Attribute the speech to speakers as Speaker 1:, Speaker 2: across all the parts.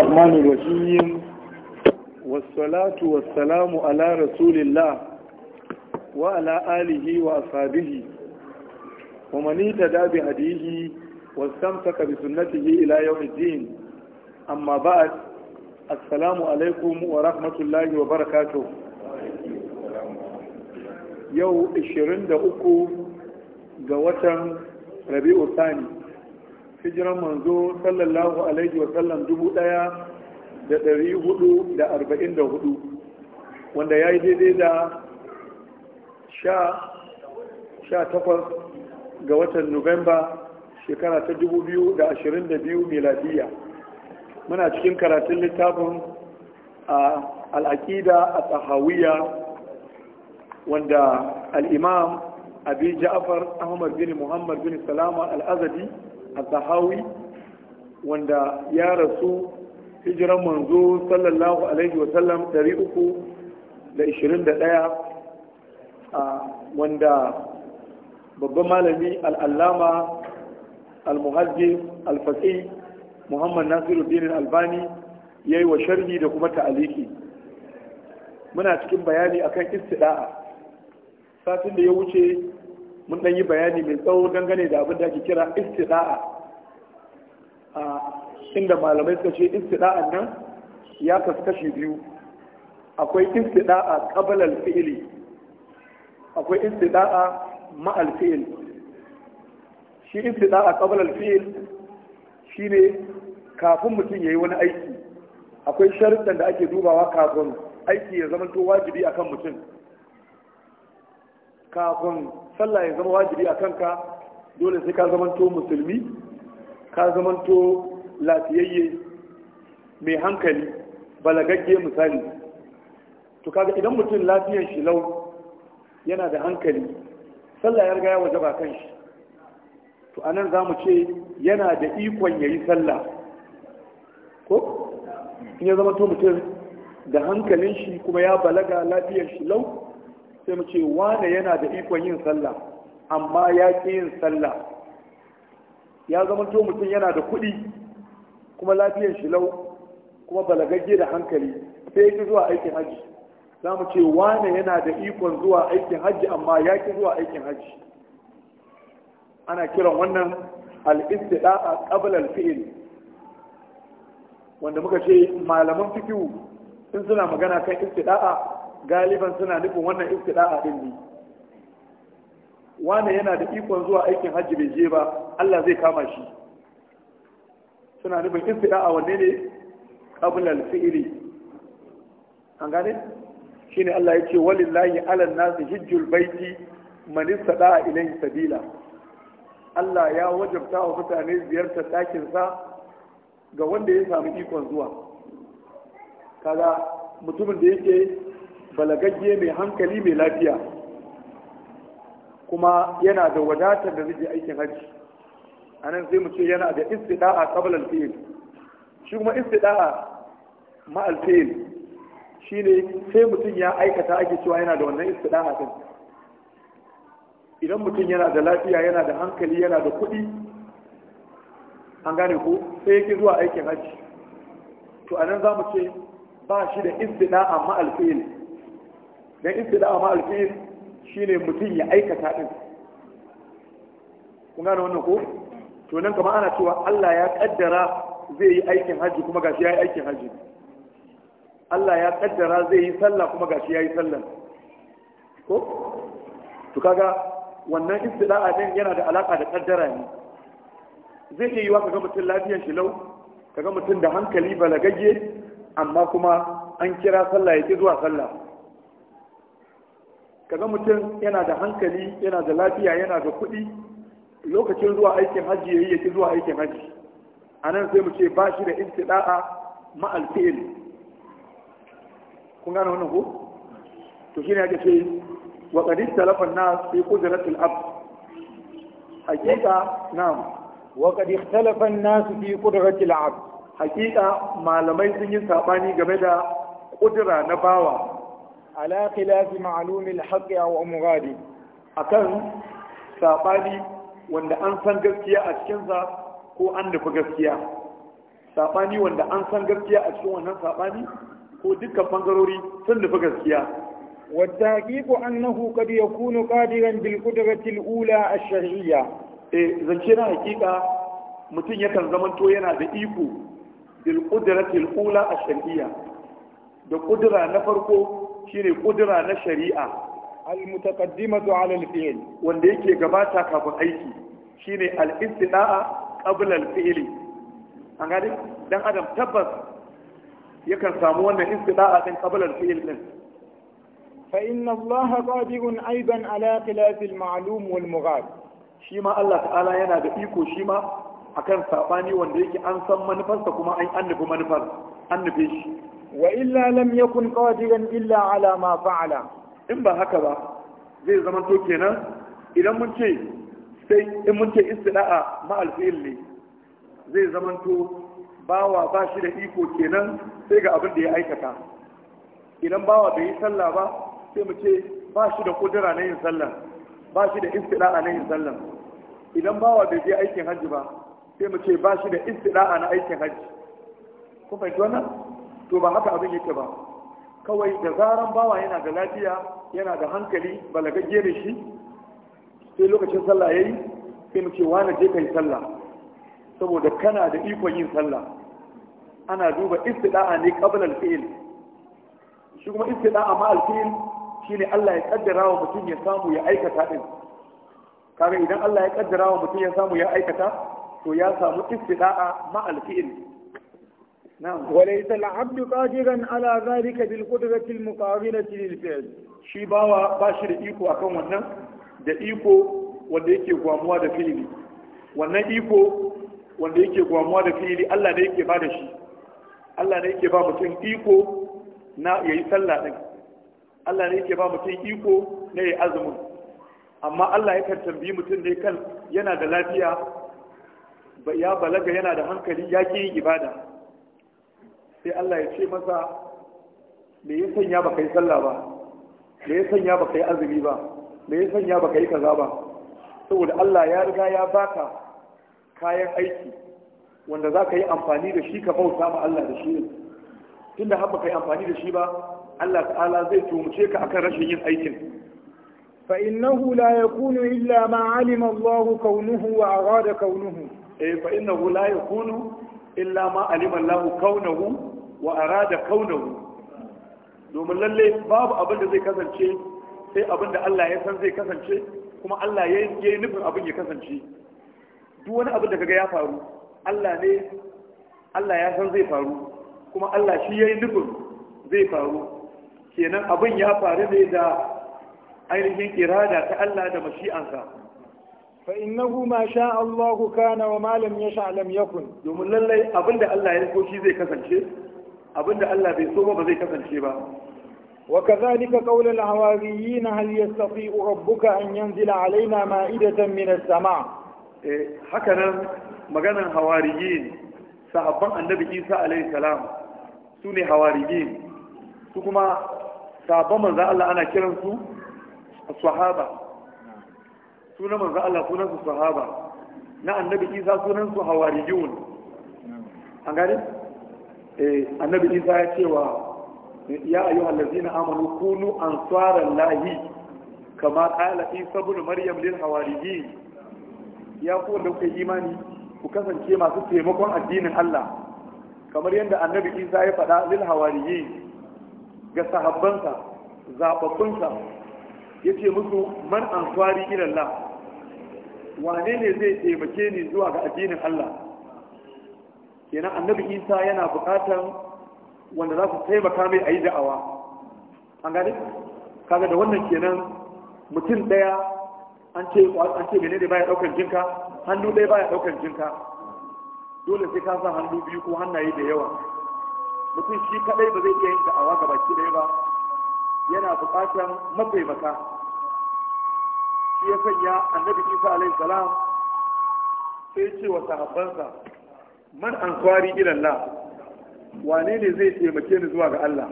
Speaker 1: الرحمن الرحيم والصلاة والسلام على رسول الله وعلى آله وأصحابه ومن اهتدى بهديه واستمسك بسنته إلى يوم الدين أما بعد السلام عليكم ورحمة الله وبركاته يو 23 ga watan Rabi'u Thani hijiran manzo sallallahu alaihi wa sallam dubu daya da dari hudu da arba'in da hudu wanda ya yi daidai da sha takwas ga watan nuwamba shekara ta dubu biyu da ashirin da biyu miladiya muna cikin karatun littafin a al'aƙida a tsahawiya wanda al'imam abin ja'afar ahmad bin muhammad bin salama al'azadi al wanda ya rasu hijiran manzo sallallahu alaihi wasallam 321 wanda babban malami al'allama al-muhajjis al-faqih muhammad nasiruddin albani ya yi wa sharhi da kuma ta'aliki muna cikin bayani akan istida'a satin da ya wuce mun ɗan yi bayani mai tsawo dangane da abin da ake kira istida'a inda malamai suka ce istida'an nan ya kasu kashi biyu akwai istida'a qabla alfi'ili akwai istida'a ma al shi istida'a qabla alfi'il shi ne kafin mutum ya yi wani aiki akwai sharuɗan da ake dubawa kafin aiki ya zama to wajibi akan mutum kafin sallah ya zama wajibi a kanka dole sai ka zamanto musulmi ka zamanto lafiyayye mai hankali balagagge misali to kaga idan mutum lafiyan shi lau yana da hankali sallah ya riga ya wajaba kan shi to anan za mu ce yana da ikon ya yi sallah ko in ya zama to mutum da hankalin shi kuma ya balaga lafiyan shi lau sai mu ce wane yana da ikon yin sallah amma ya ƙi yin sallah ya zama to mutum yana da kuɗi kuma lafiyar shi lau kuma balagagge da hankali sai ya ƙi zuwa aikin hajji za mu ce wane yana da ikon zuwa aikin hajji amma ya ƙi zuwa aikin hajji ana kiran wannan al-istida'a qabla al fiil wanda muka ce malaman fikihu in suna magana kan istida'a galiban suna nufin wannan a din ne wanda yana da ikon zuwa aikin hajji bai je ba Allah zai kama shi suna nufin a wanne ne qabla al-fi'li an gane shine Allah ya ce walillahi 'alan nasi hijjul baiti man istata'a ilayhi sabila Allah ya wajabta wa mutane ziyartar dakin sa ga wanda ya samu ikon zuwa kaga mutumin da yake balagagge mai hankali mai lafiya kuma yana da wadatar da zai aikin hajji a nan sai mu ce yana da istida'a qabl al-fi'l shi kuma istida'a ma al-fi'l shine sai mutum ya aikata ake cewa yana da wannan istida'a din idan mutum yana da lafiya yana da hankali yana da kuɗi an gane ko sai yake zuwa aikin hajji to a nan za mu ce ba shi da istida'a ma al-fi'l dan istida'a ma alqis shine mutum ya aikata din kun gane wannan ko to nan kama ana cewa Allah ya kaddara zai yi aikin haji kuma gashi ya yi aikin haji Allah ya kaddara zai yi sallah kuma gashi ya yi sallah ko to kaga wannan a din yana da alaka da kaddara ne zai iya yiwa kaga mutum lafiyar shi lau kaga mutum da hankali balagagge amma kuma an kira sallah yake zuwa sallah kaga mutum yana da hankali yana da lafiya yana da kuɗi lokacin zuwa aikin hajji ya yi yake zuwa aikin hajji A nan sai mu ce ba shi da istida'a ma alfi'il kun gane wannan ko to shine yake ce wa qad ikhtalafa an-nas fi qudrati al-abd hakika na'am wa qad ikhtalafa an-nas fi qudrati al-abd hakika malamai sun yi sabani game da kudura na bawa ala khilafi ma'lumil haqqi aw muradi akan sabani wanda an san gaskiya a cikin sa ko an dafa gaskiya sabani wanda an san gaskiya a cikin wannan sabani ko dukkan bangarori sun dafa gaskiya annahu والتحقيق أنه قد يكون قادرا بالقدرة الأولى الشرعية زنشنا na متين mutum yakan zamanto yana da iko بالقدرة الأولى الشرعية da kudura na farko shine kudura na shari'a al-mutaqaddimatu ala al wanda yake gabata kafin aiki shine al-istida'a qabla al an gane dan adam tabbas yakan samu wannan istida'a din qabla al-fi'l din fa inna Allah qadirun aidan ala khilaf al-ma'lum wal mughad shi ma Allah ta'ala yana da iko shi ma akan sabani wanda yake an san manufarsa kuma an annabi manufar annabe shi wa illa lam yakun qadiran illa ala ma fa'ala in ba haka ba zai zama to kenan idan mun ce sai in mun ce istila'a ma alfi'il ne zai zama to bawa ba shi da iko kenan sai ga abin da ya aikata idan bawa bai yi sallah ba sai mu ce ba shi da kudura na yin sallah ba shi da istila'a na yin sallah idan bawa bai je aikin hajji ba sai mu ce ba shi da istila'a na aikin hajji kun fahimci wannan to ba haka abin yake ba kawai da zaran bawa yana da lafiya yana da hankali balagagge da shi sai lokacin sallah yayi sai mu ce wani je kai sallah saboda kana da ikon yin sallah ana duba istida'a ne qabla al-fi'l shi kuma istida'a ma al-fi'l shine Allah ya kaddara wa mutum ya samu ya aikata din kaga idan Allah ya kaddara wa mutum ya samu ya aikata to ya samu istida'a ma al-fi'l وليس العبد قادرا على ذلك بالقدرة المقابلة للفعل شي باوا باشر إيكو أكون ونن da iko wanda yake gwamuwa da fili. wannan iko wanda yake gwamuwa da fili, Allah ne yake ba da shi Allah ne yake ba mutum iko na yayi sallah din Allah ne yake ba mutum iko na yayi azumin amma Allah ya kan tambayi mutum ne kan yana da lafiya ya balaga yana da hankali ya ke yin ibada sai Allah ya ce masa me ya sanya baka yi sallah ba me ya sanya baka yi azumi ba me ya sanya baka yi kaza ba saboda Allah ya riga ya baka kayan aiki wanda za ka yi amfani da shi ka bauta ma Allah da shi tunda har baka yi amfani da shi ba Allah ta'ala zai tumace ka akan rashin yin aikin فإنه لا يكون إلا ما علم الله كونه وأراد كونه إيه فإنه لا يكون إلا ما علم الله كونه wa arada kaunahu domin lalle babu abin da zai kasance sai abin da Allah ya san zai kasance kuma Allah ya yi nufin abin ya kasance duk wani abin da kaga ya faru Allah ne Allah ya san zai faru kuma Allah shi ya yi nufin zai faru kenan abin ya faru ne da ainihin irada ta Allah da mashi'ansa fa innahu ma sha Allahu kana wa ma lam yasha lam yakun domin lalle abin da Allah ya so shi zai kasance abinda Allah bai so ba ba zai kasance ba وكذلك قول الحواريين هل يستطيع ربك أن ينزل علينا مائدة من السماء هكذا مغانا حواريين صحابان النبي عيسى عليه السلام سوني حواريين سكما صحابان من ذا الله أنا كرم سو الصحابة سونا من ذا الله سونا الصحابة نا النبي عيسى سونا حواريون أنقالي Eh, annabi isa ya ce ya ayu allazina amanu kunu ansaran lahi kama qala isa ibn maryam lil hawariyin ya ku da kuke imani ku kasance masu taimakon addinin Allah kamar yadda annabi isa ya faɗa lil hawariyin ga sahabbansa zababbunsa yace musu man ansari ila wane ne zai taimake ni zuwa ga addinin Allah kenan annabi isa yana buƙatan wanda za su taimaka mai a yi da'awa an gani kaga da wannan kenan mutum ɗaya an ce an ce da baya ɗaukar jinka hannu ɗaya baya ɗaukar jinka dole sai ka sa hannu biyu ko hannaye da yawa mutum shi kaɗai ba zai iya yin da'awa ga baki ɗaya ba yana buƙatan mataimaka shi ya sanya annabi isa alaihi salam sai ce wa sahabbansa man ansari ila la wane ne zai taimake ni zuwa ga Allah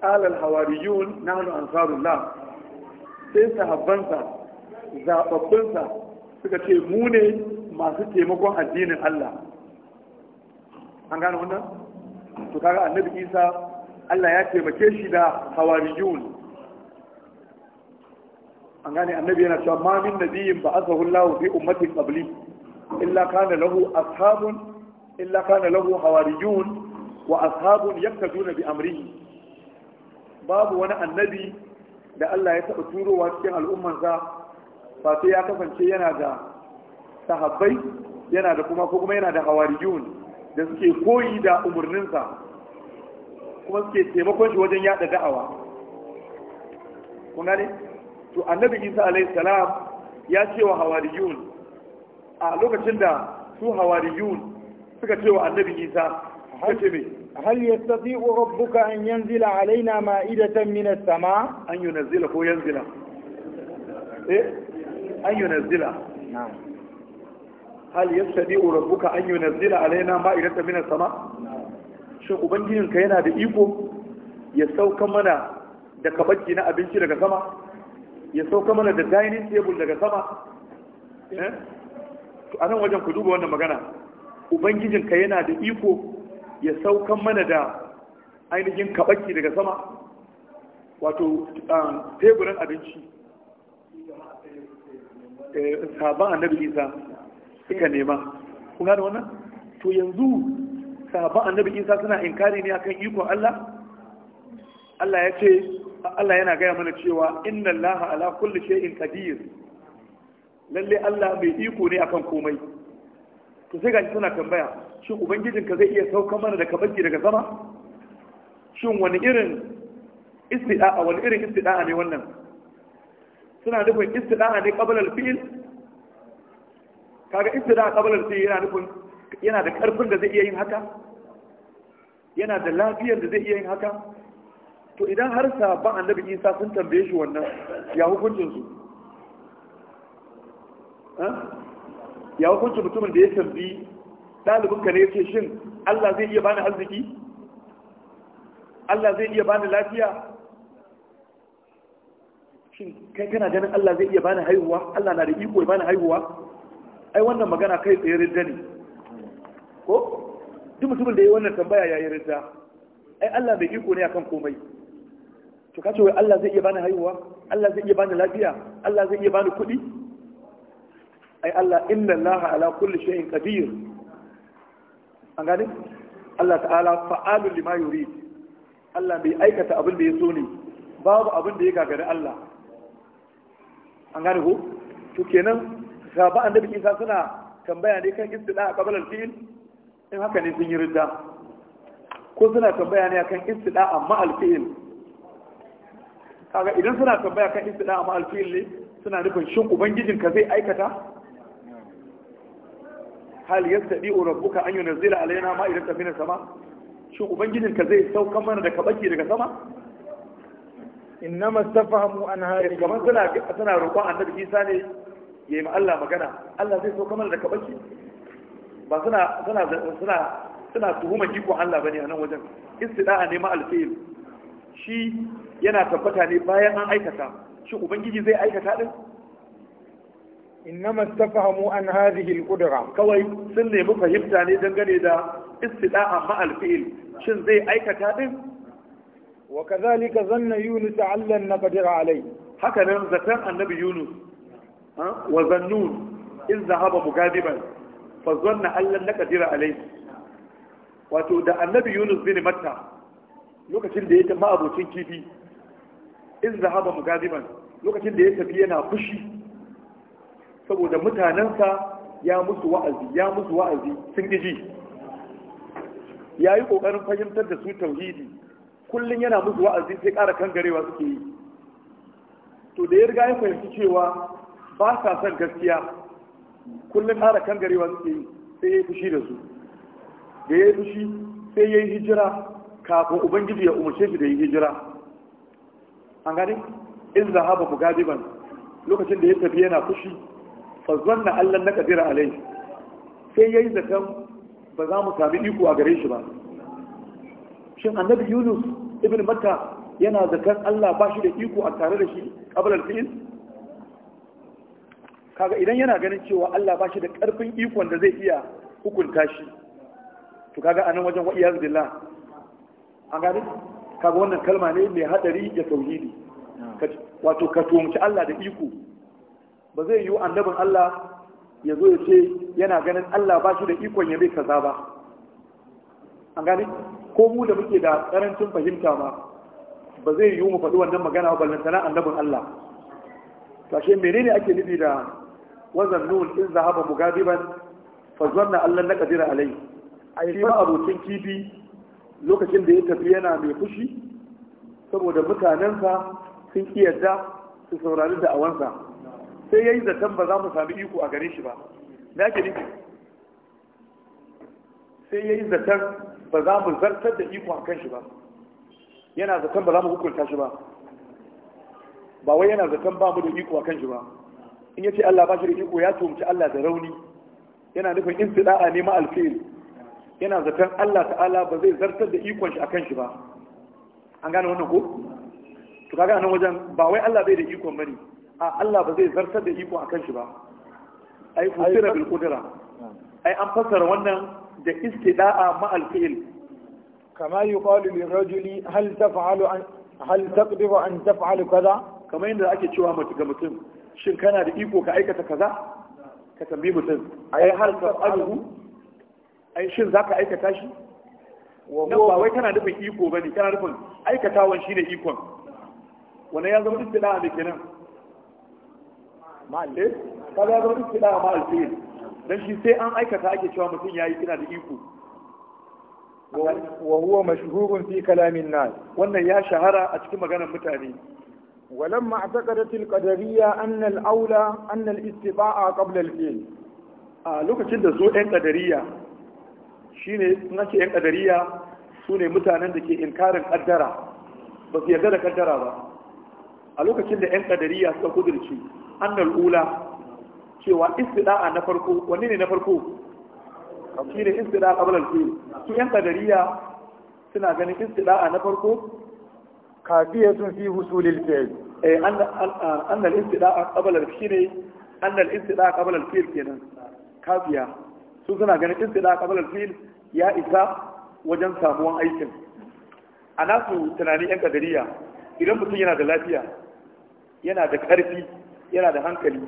Speaker 1: qala na hawariyun nahnu ansarullah sai sahabbansa sa suka ce mu ne masu taimakon addinin Allah an gane wannan to kaga annabi Isa Allah ya taimake shi da hawariyun an gane annabi yana cewa ma min nabiyin ba azahullahu fi ummatin qabli illa kana lahu ashabun illa kana lahu hawariyun wa ashabun yaktaduna bi amrihi babu wani annabi da Allah ya taɓa turowa cikin al'ummansa ba sai ya kasance yana da sahabbai yana da kuma ko kuma yana da hawariyun da suke koyi da umarninsa kuma suke taimakon shi wajen yada da'awa kun to annabi isa alayhi salam ya ce wa hawariyun a lokacin da su hawariyun suka ce wa annabi isa suka ce me hal yastati'u rabbuka an yanzila alaina ma'idatan min as-sama an yunzila ko yanzila eh an yunzila na'am hal yastati'u rabbuka an yunzila alaina ma'idatan min as-sama shin ka yana da iko ya sauka mana da kabaki na abinci daga sama ya sauka mana da dining table daga sama eh? a nan wajen ku duba wannan magana ka yana da iko ya saukan mana da ainihin kabaki daga sama wato teburin abinci eh, sabon annabi isa suka nema Kuna da wannan to yanzu sabon annabi isa suna inkari ne akan ikon allah allah ya ce allah yana gaya mana cewa inna allaha ala kulli shay'in qadir lalle allah mai iko ne akan komai to sai gashi suna tambaya shin ka zai iya saukan mana da kabanki daga sama shin wani irin istida'a wani irin istida'a ne wannan suna nufin istida'a ne qabla fi'l kaga istida'a qabla fi'l yana nufin yana da karfin da zai iya yin haka yana da lafiyar da zai iya yin haka to idan har sahabban annabi Isa sun tambaye shi wannan ya hukuncin su eh ya hukunci mutumin da ya tambi ɗalibin ka ne ya ce shin Allah zai iya bani arziki Allah zai iya bani lafiya shin kai kana ganin Allah zai iya bani haihuwa Allah na da iko ya bani haihuwa ai wannan magana kai tsaye ridda ne ko duk mutumin da ya wannan tambaya ya yi ridda ai Allah bai iko ne akan komai to ce wai Allah zai iya bani haihuwa Allah zai iya bani lafiya Allah zai iya bani kuɗi ai Allah inna Allah ala kulli shay'in qadir an gane Allah ta'ala fa'alu lima yurid Allah bai aikata abin da ya so ne babu abin da ya gagari Allah an gane ko to kenan gaba annabi Isa suna tambaya ne kan istida a qabla al-fi'l in haka ne sun yi ridda ko suna tambaya ne kan istida amma al-fi'l kaga idan suna tambaya kan istida amma al-fi'l ne suna nufin shin ka zai aikata hal yastadi rabbuka an yunzila alaina ma'idatan minas sama shin ka zai saukan mana da kabaki daga sama innama tafahamu an hari eh, kamar suna suna roƙon annabi Isa ne yayi ma Allah magana Allah zai sauka mana da kabaki ba suna suna suna suna tuhuma jiko Allah bane a nan wajen istida'a ne ma alfil shi yana tabbata ne bayan an aikata shi ubangiji zai aikata din innama istafahamu an hadhihi al kawai sun nemi fahimta ne gane da istida'a ma al-fi'l shin zai aikata din wa kadhalika zanna yunus allan naqdir alai haka nan zatan annabi yunus wa zannun in zahaba mugadiban fa zanna allan naqdir alai wato da annabi yunus bin matta lokacin da ya tafi ma'abocin kifi in lokacin da ya tafi yana fushi saboda mutanensa ya musu wa'azi ya musu wa'azi sun ji ya yi ƙoƙarin fahimtar da su tauhidi kullum yana musu wa'azi sai ƙara kangarewa suke yi to da ya riga ya fahimci cewa ba sa son gaskiya kullum ƙara kangarewa suke yi sai ya yi fushi da su da ya yi fushi sai ya yi hijira kafin ubangiji ya umarce shi da ya yi hijira an gani in zahaba ban. lokacin da ya tafi yana fushi fa na allan na kadira alai sai ya yi zakan ba za mu sami iko a gare shi ba shin annabi yunus ibn matta yana zakan allah ba shi da iko a tare da shi kabalar fi'in? kaga idan yana ganin cewa allah ba shi da karfin ikon da zai iya hukunta shi to kaga anan wajen wa iyaz billah an gani kaga wannan kalma ne mai hadari ya tauhidi wato ka tumci allah da iko ba zai yiwu annabin Allah ya zo ya ce yana ganin Allah ba shi da ikon ya mai kaza ba an gani ko mu da muke da karancin fahimta ma ba zai yiwu mu faɗi wannan magana ba lantana annabin Allah kashe menene ake nufi da wazan nun in zahaba mugadiban fa zanna Allah na kadira alai shi ma abokin kifi lokacin da ya tafi yana mai fushi saboda mutanensa sun ki yarda su saurari da awansa sai ya yi zaton ba za mu sami iko a gare shi ba na ke nufi sai ya yi zaton ba za mu zartar da iko a kan shi ba yana zaton ba za mu hukunta shi ba ba wai yana zaton ba mu da iko a kan shi ba in ya ce Allah ba shi da iko ya tumci Allah da rauni yana nufin in da'a ne ma'alfil yana zaton Allah ta'ala ba zai zartar da ikon shi a kan shi ba an gane wannan ko to kaga nan wajen ba wai Allah bai da ikon bane Allah ba zai zartar da iko akan shi ba ai kusira bil qudra ai an fassara wannan da istida'a ma al fi'l kama yuqalu lil rajuli hal taf'alu an hal taqdiru an taf'alu kaza kamar inda ake cewa mutum ga mutum shin kana da iko ka aikata kaza ka tambayi mutum ai hal taf'alu ai shin zaka aikata shi nan ba wai kana nufin iko ba ne, kana nufin aikatawan shi ne ikon wannan ya zama istida'a ne kenan eh kaga ya zama istida ma alfil dan shi sai an aikata ake cewa mutum ya yi kina da iko wa huwa mashhurun fi kalamin nas wannan ya shahara a cikin maganar mutane ولما اعتقدت القدرية أن الأولى أن الاستطاعة قبل الفعل a lokacin da su 'yan ƙadariya shi ce 'yan ƙadariya su ne mutanen da ke inkarin ƙaddara ba su yarda da ƙaddara ba a lokacin da 'yan ƙadariya suka kudurci annal ula cewa istida'a na farko wanne ne na farko shi ne istida'a qabla al-fi'l su yan qadariya suna ganin istida'a na farko kafiyatun fi husulil fi'l eh annal istida'a qabla al-fi'l ne annal istida'a qabla al-fi'l kenan kafiya su suna ganin istida'a qabla al-fi'l ya isa wajen samuwan aikin a su tunanin yan qadariya idan mutum yana da lafiya yana da ƙarfi yana da hankali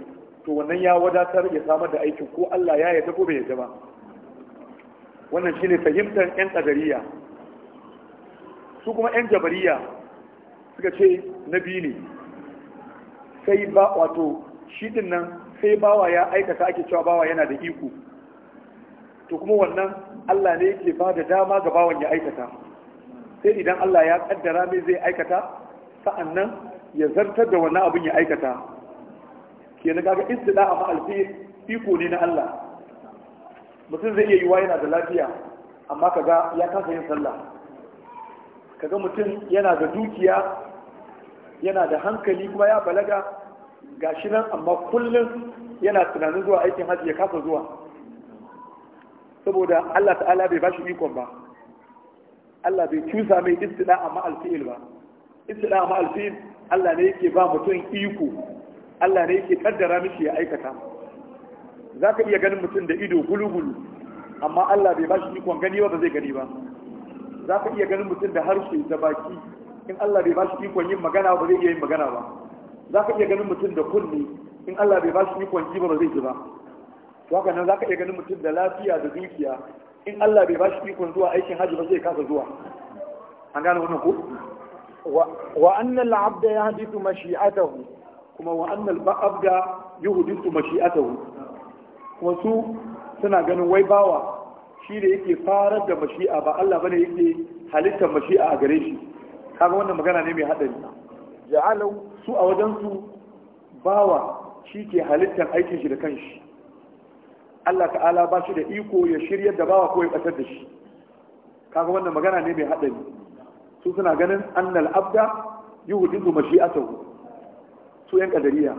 Speaker 1: to wannan ya wadatar ya samar da aikin ko Allah ya yarda ko bai yarda ba wannan shine fahimtar yan qadariya su kuma yan jabariya suka ce nabi ne sai ba wato shi din nan sai bawa ya aikata ake cewa bawa yana da iko to kuma wannan Allah ne yake ba da dama ga bawan ya aikata sai idan Allah ya kaddara mai zai aikata sa'annan ya zartar da wannan abin ya aikata kenan kaga istila a ma'alfi iko ne na Allah mutum zai iya yiwa yana da lafiya amma kaga ya kasa yin sallah kaga mutum yana da dukiya yana da hankali kuma ya balaga gashi nan amma kullum yana tunanin zuwa aikin hajji ya kasa zuwa saboda Allah ta'ala bai bashi ikon ba Allah bai cusa mai istila a alfil ba istila amma alfil Allah ne yake ba mutum iko Allah ne yake kaddara mishi ya aikata za ka iya ganin mutum da ido gulu-gulu amma Allah bai ba shi ikon gani ba zai gani ba za ka iya ganin mutum da harshe da baki in Allah bai ba shi ikon yin magana ba zai iya yin magana ba za ka iya ganin mutum da kunne in Allah bai ba shi ikon ji ba ba zai ji ba to haka nan za ka iya ganin mutum da lafiya da dukiya in Allah bai ba shi ikon zuwa aikin hajji ba zai kasa zuwa an gane wannan ko wa anna al-abda yahdithu mashi'atahu kuma wa annal abda yuhdisu mashi'atahu kuma su suna ganin wai bawa shi da yake farar da mashi'a ba Allah bane yake halittar mashi'a a gare shi kaga wannan magana ne mai hadari ja'alau su a wajen su bawa shi ke halittar aikin shi da kanshi Allah ta'ala ba shi da iko ya shiryar da bawa ko ya kasar da shi kaga wannan magana ne mai hadari su suna ganin annal abda yuhdisu mashi'atahu su yan kadariya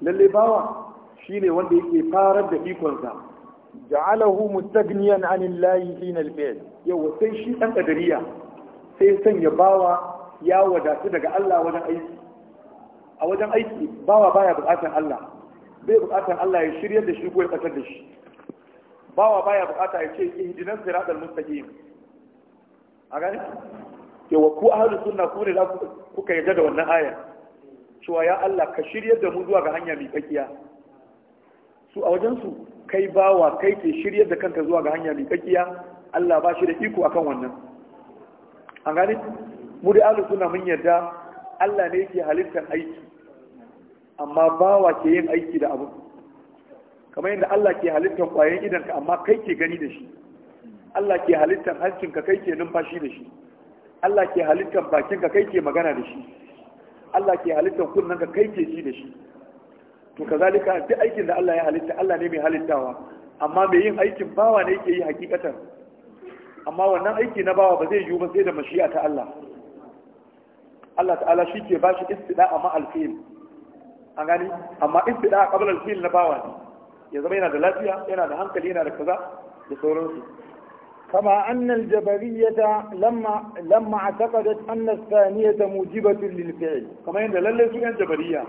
Speaker 1: lalle bawa shi ne wanda yake farar da ikonsa ja'alahu mustagniyan anil lahi hina al-fi'l yawa sai shi dan kadariya sai sanya bawa ya wadatu daga Allah wajen aiki a wajen aiki bawa baya bukatar Allah bai bukatar Allah ya shirya da shi ko ya fatar da shi bawa baya bukata ya ce ihdinas siratal mustaqim a gani yawa ku ahlus sunna ku ne za ku kuka yarda da wannan ayar cewa ya Allah ka shiryar da mu zuwa ga hanya mai tsakiya su a wajensu kai bawa kai ke shiryar da kanka zuwa ga hanya mai tsakiya Allah ba shi da iko akan wannan an gani mu da alu suna mun yarda Allah ne yake halittar aiki amma bawa ke yin aiki da abu kamar yadda Allah ke halittar kwayan ka amma kai ke gani da shi Allah ke halittar hancinka kai ke numfashi da shi Allah ke halittar bakinka kai ke magana da shi Allah ke halittar kunnan ka kai ke shi da shi to kazalika duk aikin da Allah ya halitta Allah ne mai halittawa amma mai yin aikin bawa ne yake yi hakikatan amma wannan aiki na bawa ba zai yiwu ba sai da mashi'a ta Allah Allah ta'ala shi ke bashi istida amma alfil an gani amma istida qabla alfil na bawa ne ya zama yana da lafiya yana da hankali yana da kaza da sauransu كما أن الجبرية لما لما اعتقدت أن الثانية موجبة للفعل كما يند للي سوء الجبرية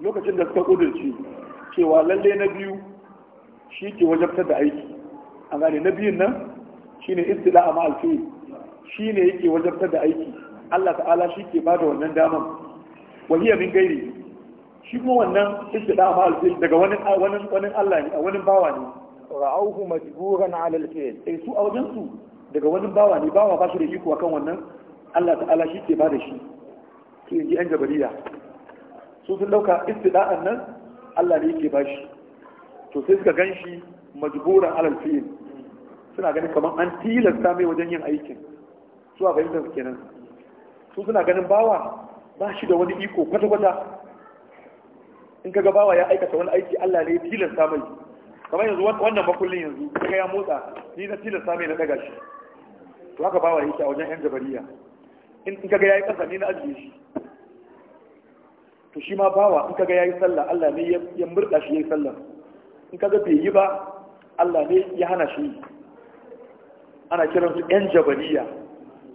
Speaker 1: لو كتن دست قدر شيء شيء وللي نبيو شيء كي وجبت دعيك أغاني نبينا شيء استلاء مع الفيل شيء يكي وجبت دعيك الله تعالى شيء كي بعد ونن داما وهي من غيري shi kuma wannan istida ma alfil daga wani wani wani Allah ne a wani bawa ne ra'auhu majburan ala al-fi'l eh su a wajen su daga wani bawa ne bawa ba shi da iko akan wannan Allah ta'ala shi ke bada shi su yanzu an jabariya su sun dauka istida'an nan Allah ne yake ba shi to sai suka gan shi majburan ala al suna ganin kamar an tilasta mai wajen yin aikin su a fahimtar su kenan su suna ganin bawa ba shi da wani iko kwata-kwata in kaga bawa ya aikata wani aiki Allah ne ya tilasta mai kamar yanzu wannan makullin yanzu daga ya motsa ni na tilasta sami na daga shi to haka bawa yake a wajen yan jabariya in ka ya yayi kasa ni na ajiye shi to shi ma bawa in ka ya yayi sallah Allah ne ya murda shi yayi sallah in ka ga bai yi ba Allah ne ya hana shi ana kiran su yan jabariya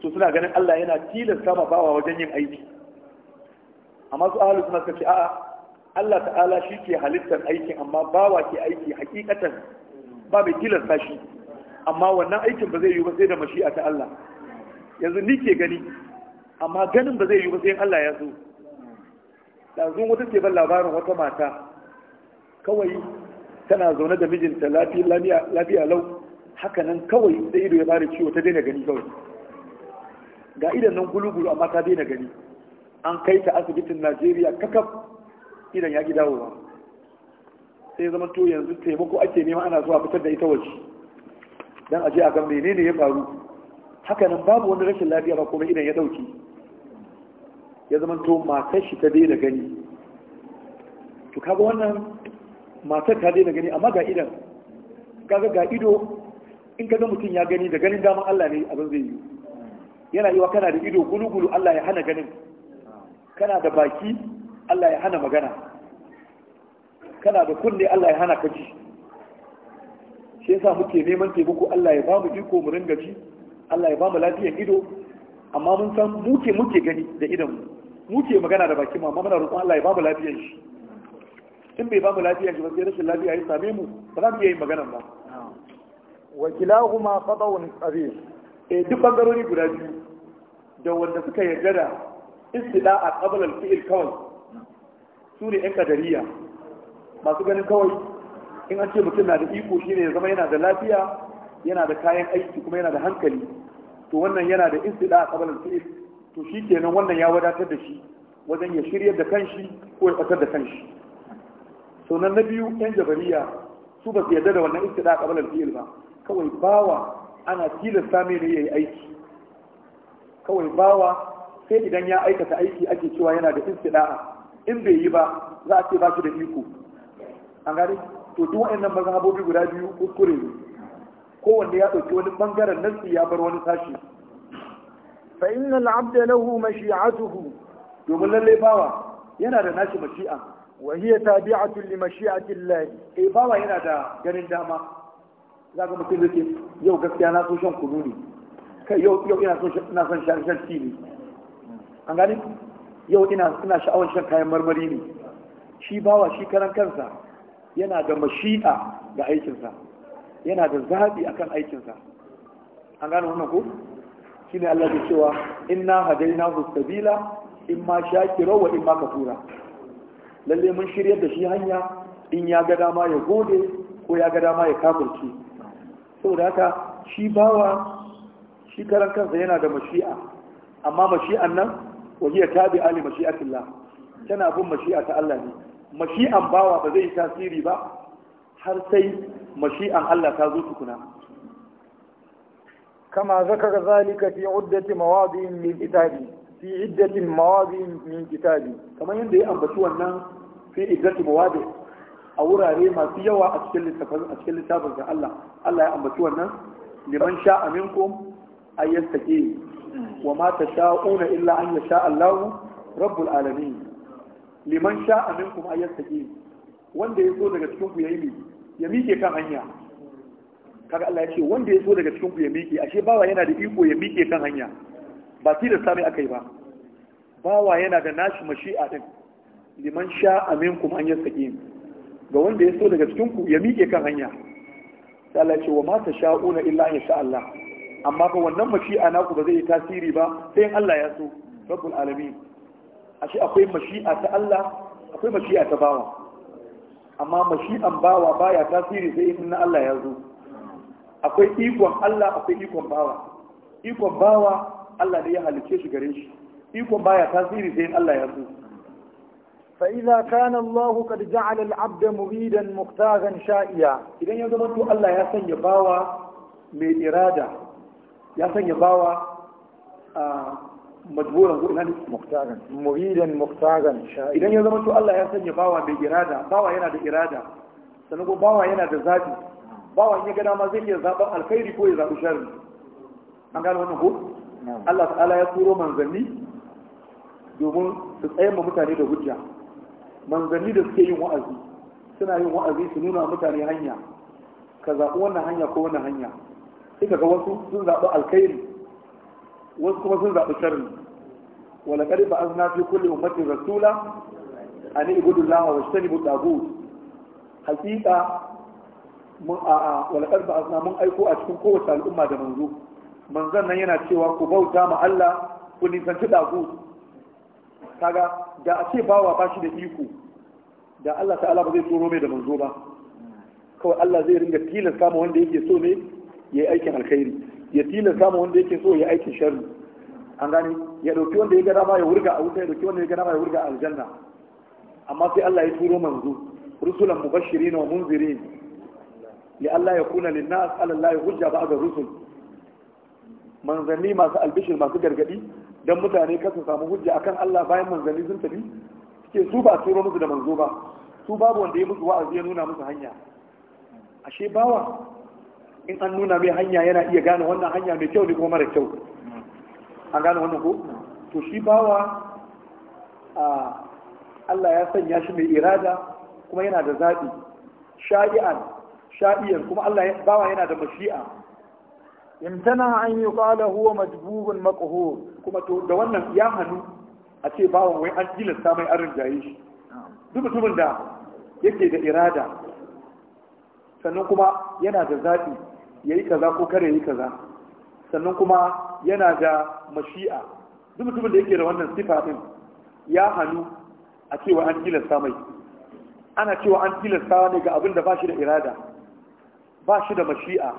Speaker 1: to suna ganin Allah yana tilasta ma bawa wajen yin aiki amma su ahlus sunna suka ce a'a Allah ta'ala shi ke halittar aiki amma bawa ke aiki hakikatan ba mai tilasta shi amma wannan aikin ba zai yi ba sai da mashi'a ta Allah yanzu ni ke gani amma ganin ba zai yi ba sai Allah ya zo yanzu wata ce ban labarin wata mata kawai tana zaune da mijinta lafiya lau haka kawai da ido ya fara ciwo ta daina gani kawai ga idan nan gulugulu amma ta daina gani an kai ta asibitin Najeriya kakaf idan ya gida dawowa sai zama to yanzu taimako ake nema ana zuwa fitar da ita waje don aje a gan menene ya faru hakanan babu wani rashin lafiya ba kuma idan ya dauki ya zama to matar shi ta daina gani to kaga wannan matar ta daina gani amma ga idan kaga ga ido in kaga mutum ya gani da ganin daman Allah ne abin zai yi yana yi wa kana da ido gulugulu Allah ya hana ganin kana da baki Allah ya hana magana kana da kunne Allah ya hana ka ji shi yasa muke neman taimako Allah ya bamu iko mu ringa ji Allah ya bamu lafiyar ido amma mun san muke muke gani da idan mu muke magana da baki amma muna roƙon Allah ya bamu lafiyar shi in bai bamu lafiyar shi ba sai rashin lafiya ya same mu ba za mu iya yin magana ba wa kilahuma qadawun qabil eh duk bangarori guda biyu da wanda suka yarda da istida'a qabla al-fi'l kawai su ne 'yan kadariya masu ganin kawai in an ce mutum na da iko shine ya zama yana da lafiya yana da kayan aiki kuma yana da hankali to wannan yana da istila a kabalar fi'il to shi kenan wannan ya wadatar da shi wajen ya shirya da kanshi ko ya batar da kanshi nan na biyu yan jabariya su ba su yarda da wannan istila a kabalar fi'il ba kawai bawa ana tilasta mai ne ya yi aiki kawai bawa sai idan ya aikata aiki ake cewa yana da insida in bai yi ba za a ce ba shi da iko an gane to duk wa'annan mazhabobi guda biyu kuskure ne kowanne ya ɗauki wani bangaren nasi ya bar wani sashi fa inna al-abda lahu mashi'atuhu domin lalle bawa yana da nashi mashi'a wa hiya tabi'atu li mashi'ati Allah eh bawa yana da ganin dama zaka mutum yake yau gaskiya na so shan kunu ne kai yau yau ina so ina son shan shan tea ne an gani yau ina ina sha'awar shan kayan marmari ne shi bawa shi karan kansa yana da mashi'a ga aikinsa yana da zaɓi akan aikinsa an gane wannan ko shi ne Allah ke cewa inna hadaina hu sabila in ma shakira wa in ma ka tura lalle mun shirya da shi hanya in ya ga dama ya gode ko ya ga dama ya Sau saboda haka shi bawa shi karan kansa yana da mashi'a amma mashi'an nan wajiya tabi ali mashi'atillah tana bin mashi'a ta Allah ne mashi'an bawa ba zai yi tasiri ba har sai mashi'an Allah ta zo tukuna kama zakara zalika fi uddati mawadi'in min kitabi fi iddati mawadi'in min kitabi kamar yadda ya ambaci wannan fi iddati mawadi a wurare masu yawa a cikin littafin a cikin littafin da Allah Allah ya ambaci wannan liman sha'a minkum ayyastaqi wa ma tasha'una illa an yasha Allahu rabbul alamin liman sha amin kuma ayyar take wanda ya so daga cikin ku ya yi ya miƙe kan hanya kaga Allah ya ce wanda ya so daga cikin ku ya miƙe ashe bawa yana da iko ya miƙe kan hanya ba fi da sami akai ba bawa yana da nashi mashi'a din liman sha amin kuma an yastaqim ga wanda ya so daga cikin ku ya miƙe kan hanya sai Allah ya ce wa ma sha'una illa an sha Allah amma ba wannan mashi'a naku ba zai yi tasiri ba sai Allah ya so rabbul alamin ashe akwai mashi'a ta Allah akwai mashi'a ta bawa amma mashi'an bawa baya tasiri sai in na Allah ya zo akwai ikon Allah akwai ikon bawa ikon bawa Allah ne ya halice shi gare shi ikon baya tasiri sai in Allah ya zo فإذا كان الله قد جعل العبد مريدا مختارا شائيا إذا يزمن الله يا سن يباوى من إرادة يا سن يباوى آه majburan ko ina ne muktaran muridan muktaran idan ya zama to Allah ya sanya bawa mai irada bawa yana da irada sannan ko bawa yana da zabi bawa ya ga dama zai iya zaɓar alkhairi ko ya zaɓi sharri an gano wannan ko Allah ta'ala ya turo manzanni domin su tsayar ma mutane da hujja manzanni da suke yin wa'azi suna yin wa'azi su nuna mutane hanya ka zaɓi wannan hanya ko wannan hanya sai ka ga wasu sun zaɓi alkhairi wasu kuma sun zaɓi sharri wala kadi ba azna fi kulli ummati rasula an ibudu llaha wa istanibu tagut hakika mun a a wala kadi ba azna mun aiko a cikin kowace al'umma da manzo manzon nan yana cewa ku bauta ma Allah ku nisanci ɗagu. kaga da a ce bawa ba shi da iko da Allah ta'ala ba zai tsoro mai da manzo ba kawai Allah zai ringa tilasta ma wanda yake so ne yayi aikin alkhairi ya tilasta samun wanda yake so ya aikin sharri an gani ya dauki wanda ya gada ma ya wurga a wuta ya dauki wanda ya gada ma ya wurga a aljanna amma sai Allah ya turo manzo rusulan mubashirin wa munzirin li Allah ya kuna lin nas ala Allah hujja ba ga rusul manzanni masu albishir masu gargadi dan mutane kasu samu hujja akan Allah bayan manzanni sun tafi suke su ba turo musu da manzo ba su babu wanda ya musu wa'azi ya nuna musu hanya ashe bawa in an nuna mai hanya yana iya gane wannan hanya mai kyau ne kuma mara kyau an gane wannan ko to shi bawa a Allah ya sanya shi mai irada kuma yana da zaɓi sha'i'an sha'iyan kuma Allah bawa yana da mashi'a imtana an yi qala huwa majbubun maqhur kuma to da wannan ya hannu a ce bawan wai an tilasta mai arin jaye shi duk mutumin da yake da irada sannan kuma yana da zaɓi ya yi kaza ko kare ya yi kaza sannan kuma yana da mashi'a duk mutumin da yake da wannan sifa din ya hannu a cewa an tilasta mai ana cewa an tilasta ne ga abin da ba shi da irada ba shi da mashi'a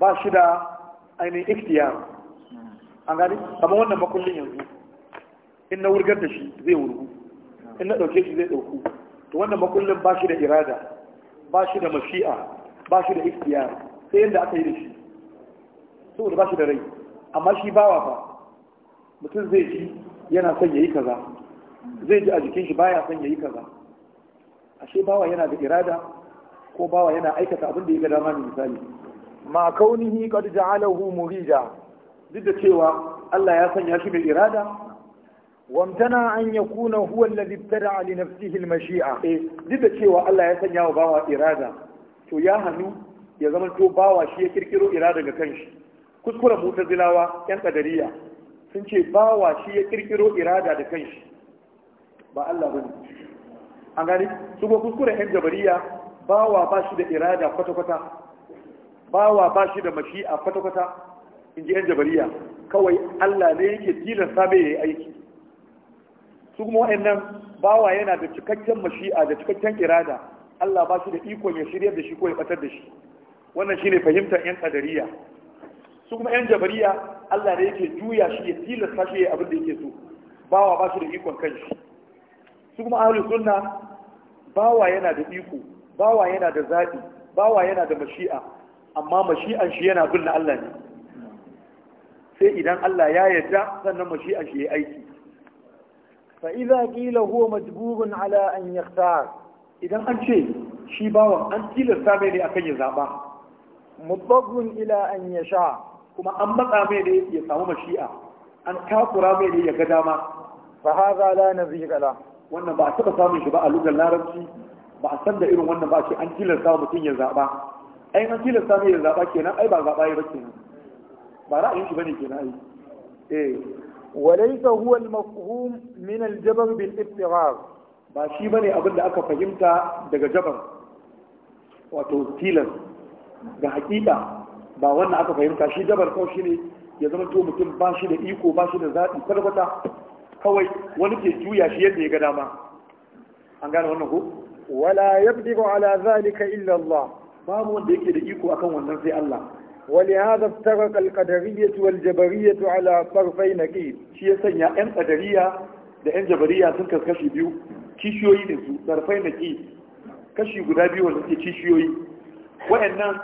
Speaker 1: ba shi da ainihin ikhtiyar an gani kamar wannan makullin yanzu in na wurgar da shi zai wurgu in na ɗauke shi zai ɗauku to wannan makullin ba shi da irada ba shi da mashi'a ba shi da ikhtiyar sai yadda aka yi da shi saboda ba shi da rai amma shi bawa fa mutum zai ji yana son ya yi kaza zai ji a jikin shi baya son ya yi kaza ashe bawa yana da irada ko bawa yana aikata abin da ya ga dama ne misali ma kaunihi qad ja'alahu murida duk da cewa Allah ya sanya shi mai irada wamtana an yakuna huwa alladhi ibtada'a li nafsihi al-mashi'a eh duk da cewa Allah ya sanya wa bawa irada to ya hannu ya zama to bawa shi ya kirkiro ira daga kanshi kuskuren mutazilawa yan kadariya sun ce bawa shi ya kirkiro irada da kanshi ba Allah bane an gani su ga kuskuren yan jabariya bawa ba shi da irada kwata-kwata bawa ba shi da mashi'a kwata-kwata in ji yan jabariya kawai Allah ne yake tilasta ya yayi aiki su kuma wa'annan bawa yana da cikakken mashi'a da cikakken irada Allah ba shi da ikon ya shirya da shi ko ya batar da shi wannan shine fahimtar yan kadariya su kuma yan jabariya Allah ne yake juya shi ya tilasta shi ya abin da yake so bawa ba shi da ikon kanshi su kuma ahli sunna bawa yana da iko bawa yana da zabi bawa yana da mashi'a amma mashi'an shi yana bin Allah ne sai idan Allah ya yarda sannan mashi'an shi ya aiki fa idza qila huwa majburun ala an yakhtar idan an ce shi bawan an tilasta mai ne akan ya zaba muddagun ila an sha. kuma an matsa mai da ya samu mashi'a an takura mai da ya ga dama fa hadha la nazira la wannan ba a taba samun shi ba a lugar larabci ba a san da irin wannan ba ce an tilasta wa mutum ya zaba ai an tilasta mai ya zaba kenan ai ba zaba ya ba kenan ba ra'ayin shi bane kenan ai eh وليس هو المفهوم من bil بالاضطرار ba shi bane abin da aka fahimta daga jabar wato tilas ga hakika ba wannan aka fahimta shi dabar kawai shi ne ya zama to mutum ba shi da iko ba shi da zaɓi kwata kawai wani ke juya shi yadda ya ga dama an gane wannan ko wala yabdigu ala zalika illa Allah babu wanda yake da iko akan wannan sai Allah ولهذا افترق القدرية والجبرية على طرفي Shi ya sanya 'yan قدرية da yan jabariya sun kaskashi biyu kishiyoyi da su tarfai na ki kashi guda biyu wanda suke kishiyoyi wayannan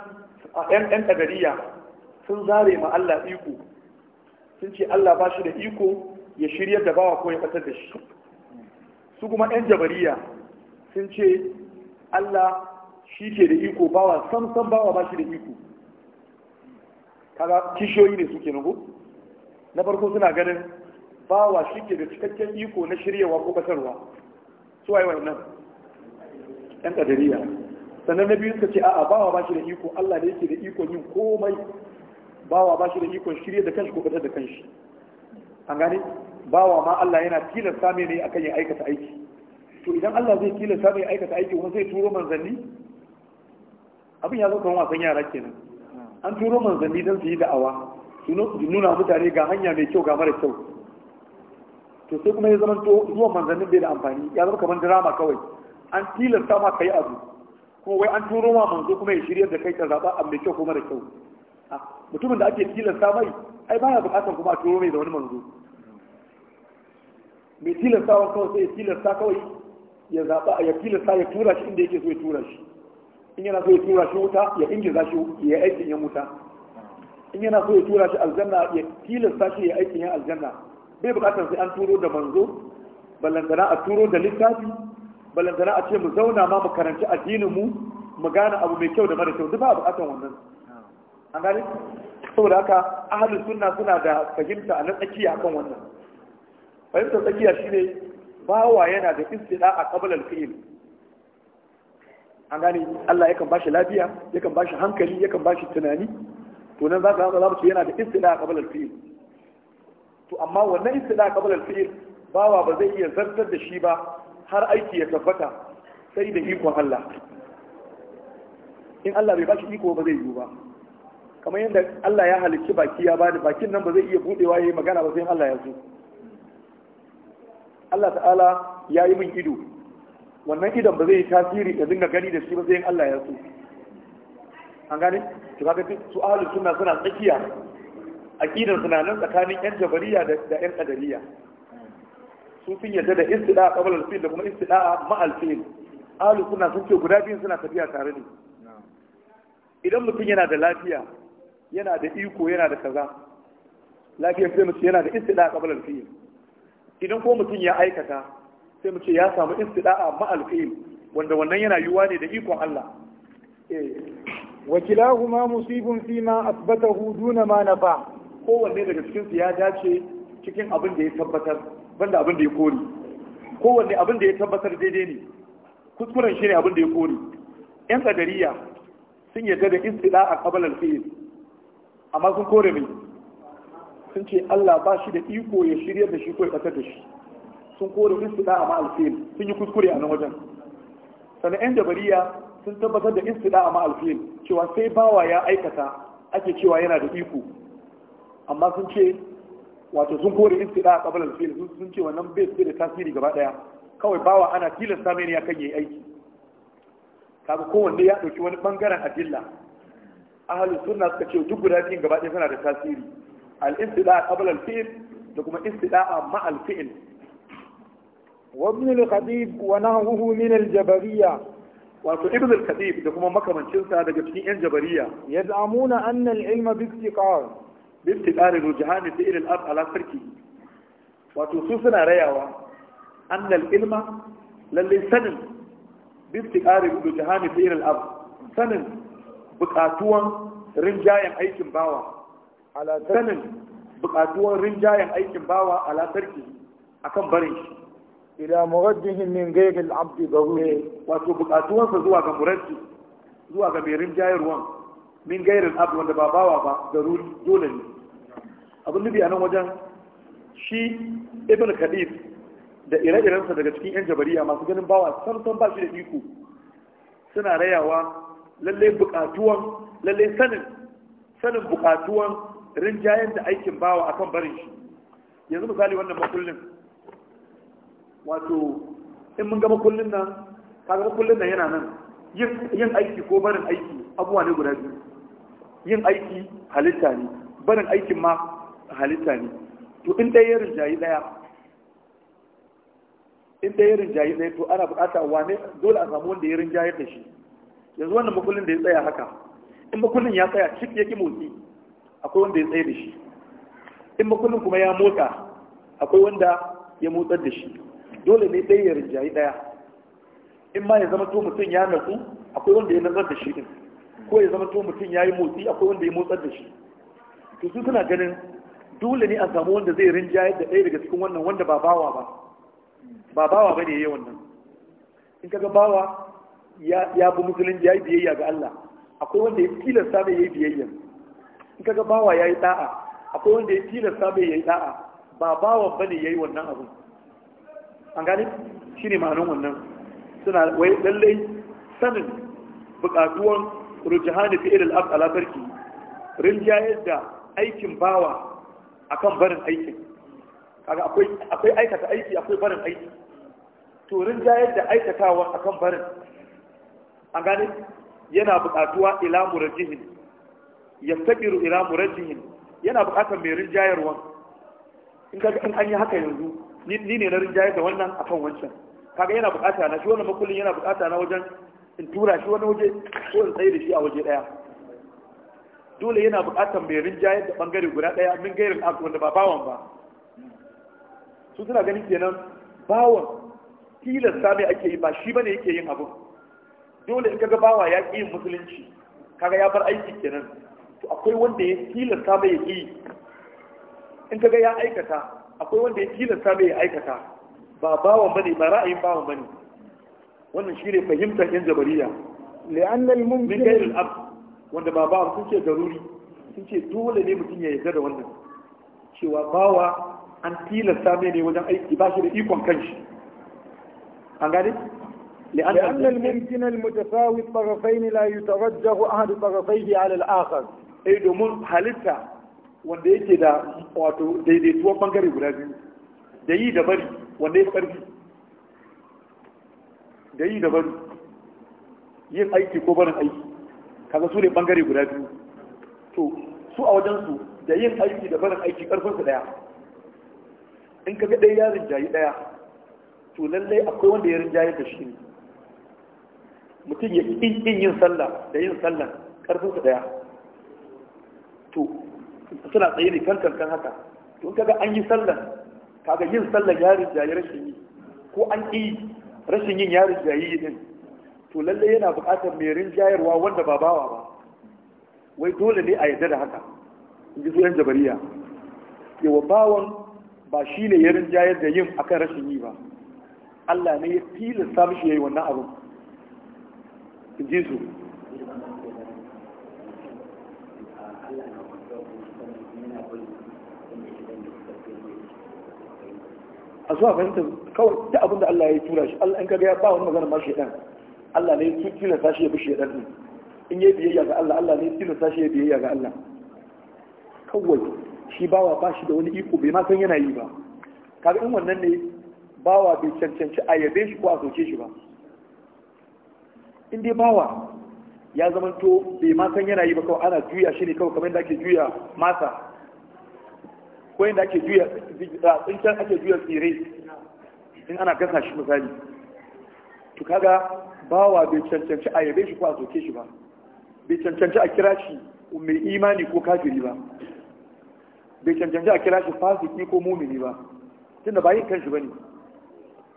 Speaker 1: A 'yan ɗagariya, sun zare ma Allah iko sun ce Allah ba shi da iko ya shirya da bawa ko ya ɓatar da shi su kuma 'yan jabariya sun ce Allah shi ke da iko bawa sam sam bawa ba shi da iko kaga kishiyoyi ne suke nugu na farko suna ganin bawa shi ke da cikakken iko na shiryawa ko ɓatarwa su waye nan 'yan ƙadariya sannan na biyu suka ce a'a bawa ba shi da iko Allah ne yake da iko yin komai bawa ba shi da ikon shirye da kanshi ko fitar da kanshi an gane bawa ma Allah yana tilasta mai ne akan ya aikata aiki to idan Allah zai tilasta mai aikata aiki kuma zai turo manzanni abin ya zo kan wasan yara kenan an turo manzanni don su yi da'awa su nuna mutane ga hanya mai kyau ga mara kyau to sai kuma ya zama to zuwa manzannin bai da amfani ya zama kamar drama kawai an tilasta ma kai abu kuma wai an turo ma manzo kuma ya shiryar da kai ka zaɓa a mai kyau kuma da kyau ah, mutumin da ake tilasta mai ai baya buƙatar kuma a turo mai da wani manzo mai tilasta wa kawai sai ya tilasta kawai ya zaɓa ya tilasta ya tura shi inda yake so ya tura shi in yana so ya tura shi wuta ya ingiza shi ya aikin ya wuta in yana so ya tura shi aljanna ya tilasta shi ya aikin ya aljanna bai buƙatar sai an turo da manzo ballantana a turo da littafi balantana a ce mu zauna ma mu karanci addinin mu mu gane abu mai kyau da mara kyau duk ba bukatan wannan an gane saboda haka ahlus sunna suna da fahimta a na tsakiya akan wannan fahimtar tsakiya shine bawa yana da istida a qabla al-fi'l an gane Allah yakan bashi lafiya yakan bashi hankali yakan bashi tunani to nan za ka za ce yana da istida a qabla al-fi'l to amma wannan istida a qabla al-fi'l bawa ba zai iya zartar da shi ba har aiki ya tabbata sai da ikon Allah in Allah bai bashi iko ba zai yiwu ba kamar yadda Allah ya halicci baki ya bani bakin nan ba zai iya budewa yayi magana ba sai Allah ya so Allah ta'ala ya yi min ido wannan idan ba zai yi tasiri da dinga gani da shi ba sai Allah ya so an gane to kaga su ahlus sunna suna tsakiya aqidar suna nan tsakanin yan jabariya da yan qadariyya Sun fi yadda da istida qabla al-fi'l da kuma istida ma al-fi'l alu sunna sun ce guda biyun suna tafiya tare ne idan mutum yana da lafiya yana da iko yana da kaza lafiya sai mu ce yana da istida qabla al-fi'l idan ko mutum ya aikata sai mu ce ya samu istida ma al-fi'l wanda wannan yana yiwuwa ne da ikon Allah وكلاهما مصيب فيما أثبته دون ما نفع kowanne daga cikinsu ya dace cikin abin da ya tabbatar banda abin da ya kori kowanne abin da ya tabbatar daidai ne kuskuren shi ne abin da ya kori yan tsadariya sun yarda da istila a kabalar fi'il amma sun kore mai sun ce Allah ba shi da iko ya shirya da shi ko ya da shi sun kore istila a ma'al fi'il sun yi kuskure a nan wajen sannan yan jabariya sun tabbatar da istila a ma'al fi'il cewa sai bawa ya aikata ake cewa yana da iko amma sun ce wato sun kore istida qabla al-fi'l sun ce wannan bai da tasiri gaba daya kawai bawa ana tilasta mai ne akan yayi aiki kaga kowanne ya dauki wani bangaren adilla ahlus sunna suka ce duk guda biyun gaba daya suna da tasiri al-istida qabla al-fi'l da kuma istida'a ma al-fi'l وابن الخطيب ونحوه من الجبرية wato ibn al-khatib da kuma makamancin sa daga cikin yan jabariya yaz'amuna anna al-ilma bi istiqrar Bifti bibtiqari rujhani fi irin ab ala sarki wato su suna rayawa annal ilma lalle sanin bifti bibtiqari rujhani fi irin ab sanin buƙatuwan rinjayen aikin bawa ala sanin bukatuwan rinjayen aikin bawa ala sarki akan barin shi ila muraddihin min ghayri al-abd daruri wato buƙatuwan sa zuwa ga muraddi zuwa ga mai rinjayarwan min gairin abu wanda ba bawa ba da dole ne abin nufi a nan wajen shi ibn khalif da ire-irensa daga cikin 'yan jabariya masu ganin bawa samson ba shi da iko suna rayawa lalle bukatuwan lalle sanin sanin bukatuwan rinjayen da aikin bawa akan barin shi yanzu misali wannan makullin wato in mun ga makullin nan kaga makullin nan yana nan yin aiki ko barin aiki abuwa ne guda biyu yin aiki halitta ne barin aikin ma halitta ne to in ɗaya ya rinjayi ɗaya in ɗaya ya rinjayi ɗaya to ana buƙata wane dole a samu wanda ya rinjayar da shi yanzu wannan makullin da ya tsaya haka in makullin ya tsaya cik ya ki motsi akwai wanda ya tsaye da shi in makullin kuma ya motsa akwai wanda ya motsar da shi dole ne ɗaya ya rinjayi ɗaya in ma ya zama to mutum ya natsu akwai wanda ya nazar da shi din ko ya zama to mutum ya yi motsi akwai wanda ya motsar da shi to su suna ganin dole ne a samu wanda zai rinjayar da ɗaya daga cikin wannan wanda ba bawa ba ba bawa ba ne ya yi wannan in kaga bawa ya bi musulunci ya yi biyayya ga Allah akwai wanda ya tilar sabai ya yi biyayya in kaga bawa ya yi ɗa'a? akwai wanda ya tilar sabai ya yi ɗa'a? ba bawa ba ne ya yi wannan abu an gane shi ne ma'anin wannan suna wai lallai sanin buƙatuwan rujahani fi'il al abd ala barki rinjayar da aikin bawa akan barin aikin kaga akwai akwai aikata aiki akwai barin aiki to rinjayar da aikatawa akan barin an gane yana buƙatuwa ila murajihin yattaqiru ila murajihin yana buƙatar mai rinjayarwa in kaga in an yi haka yanzu ni ne na rinjayar da wannan akan wancan kaga yana buƙata na shi wannan makullin yana buƙata na wajen in tura shi wani waje ko in tsaye da shi a waje ɗaya dole yana buƙatar mai rinjayar da bangare guda ɗaya min gairin abu wanda ba bawan ba su suna ganin kenan bawan tilasta ne ake yi ba shi bane ne yake yin abu dole in kaga bawa ya ƙi yin musulunci kaga ya bar aiki kenan to akwai wanda ya tilar same ya ƙi in kaga ya aikata akwai wanda ya tilar same ya aikata ba bawan bane ba ra'ayin bawan bane wannan shi ne fahimtar yan jabariya li'annal mumkin min gairin abu wanda ba ba sun ce garuri sun ce dole ne mutum ya yarda da wannan cewa bawa an tilasta mai ne wajen aiki ba shi da ikon kanshi an gane لأن الممكن المتفاوت طرفين لا يترجح أحد طرفيه على الآخر أي domin halitta wanda yake da wato daidaituwar bangare guda biyu da yi da bari wanda ya karfi da yi da bari yin aiki ko barin aiki kaga su ne bangare guda biyu to su a wajen su da yin aiki da barin aiki karfin su daya in ga ɗaya ya rinjayi daya to lallai akwai wanda ya rinjayi da shi ne mutum ya ƙin ƙin yin sallah da yin sallah karfin su daya to suna tsaye ne kan kan haka to in kaga an yi sallah kaga yin sallah ya rinjayi rashin yi ko an ƙi rashin yin ya yi din to lalle yana buƙatar mai rinjayarwa wanda ba bawa ba wai dole ne a yadda da haka in ji su yan jabariya yawa bawan ba shi ne ya rinjayar da yin akan rashin yi ba Allah ne ya samun shi ya yi wannan abin in ji su a zuwa fahimtar kawai ta abin da Allah ya yi tura shi Allah in kaga ya ba wani magana ma ɗan. Allah ne ya tilasta shi ya bi shaidan din in yi biyayya ga Allah Allah ne ya tilasta shi ya biyayya ga Allah kawai shi bawa ba shi da wani iko bai ma san yana yi ba kaga in wannan ne bawa bai cancanci a yabe shi ko a soke shi ba in dai bawa ya zama to bai ma san yana yi ba kawai ana juya shi ne kawai kamar yadda ake juya masa ko yadda ake juya tsincen ake juya tsire in ana gasa shi misali to kaga bawa bai cancanci a yabe shi ko a soke shi ba bai cancanci a kira shi mai imani ko kafiri ba bai cancanci a kira shi fasiki ko mumini ba tun ba bayan kanshi ne.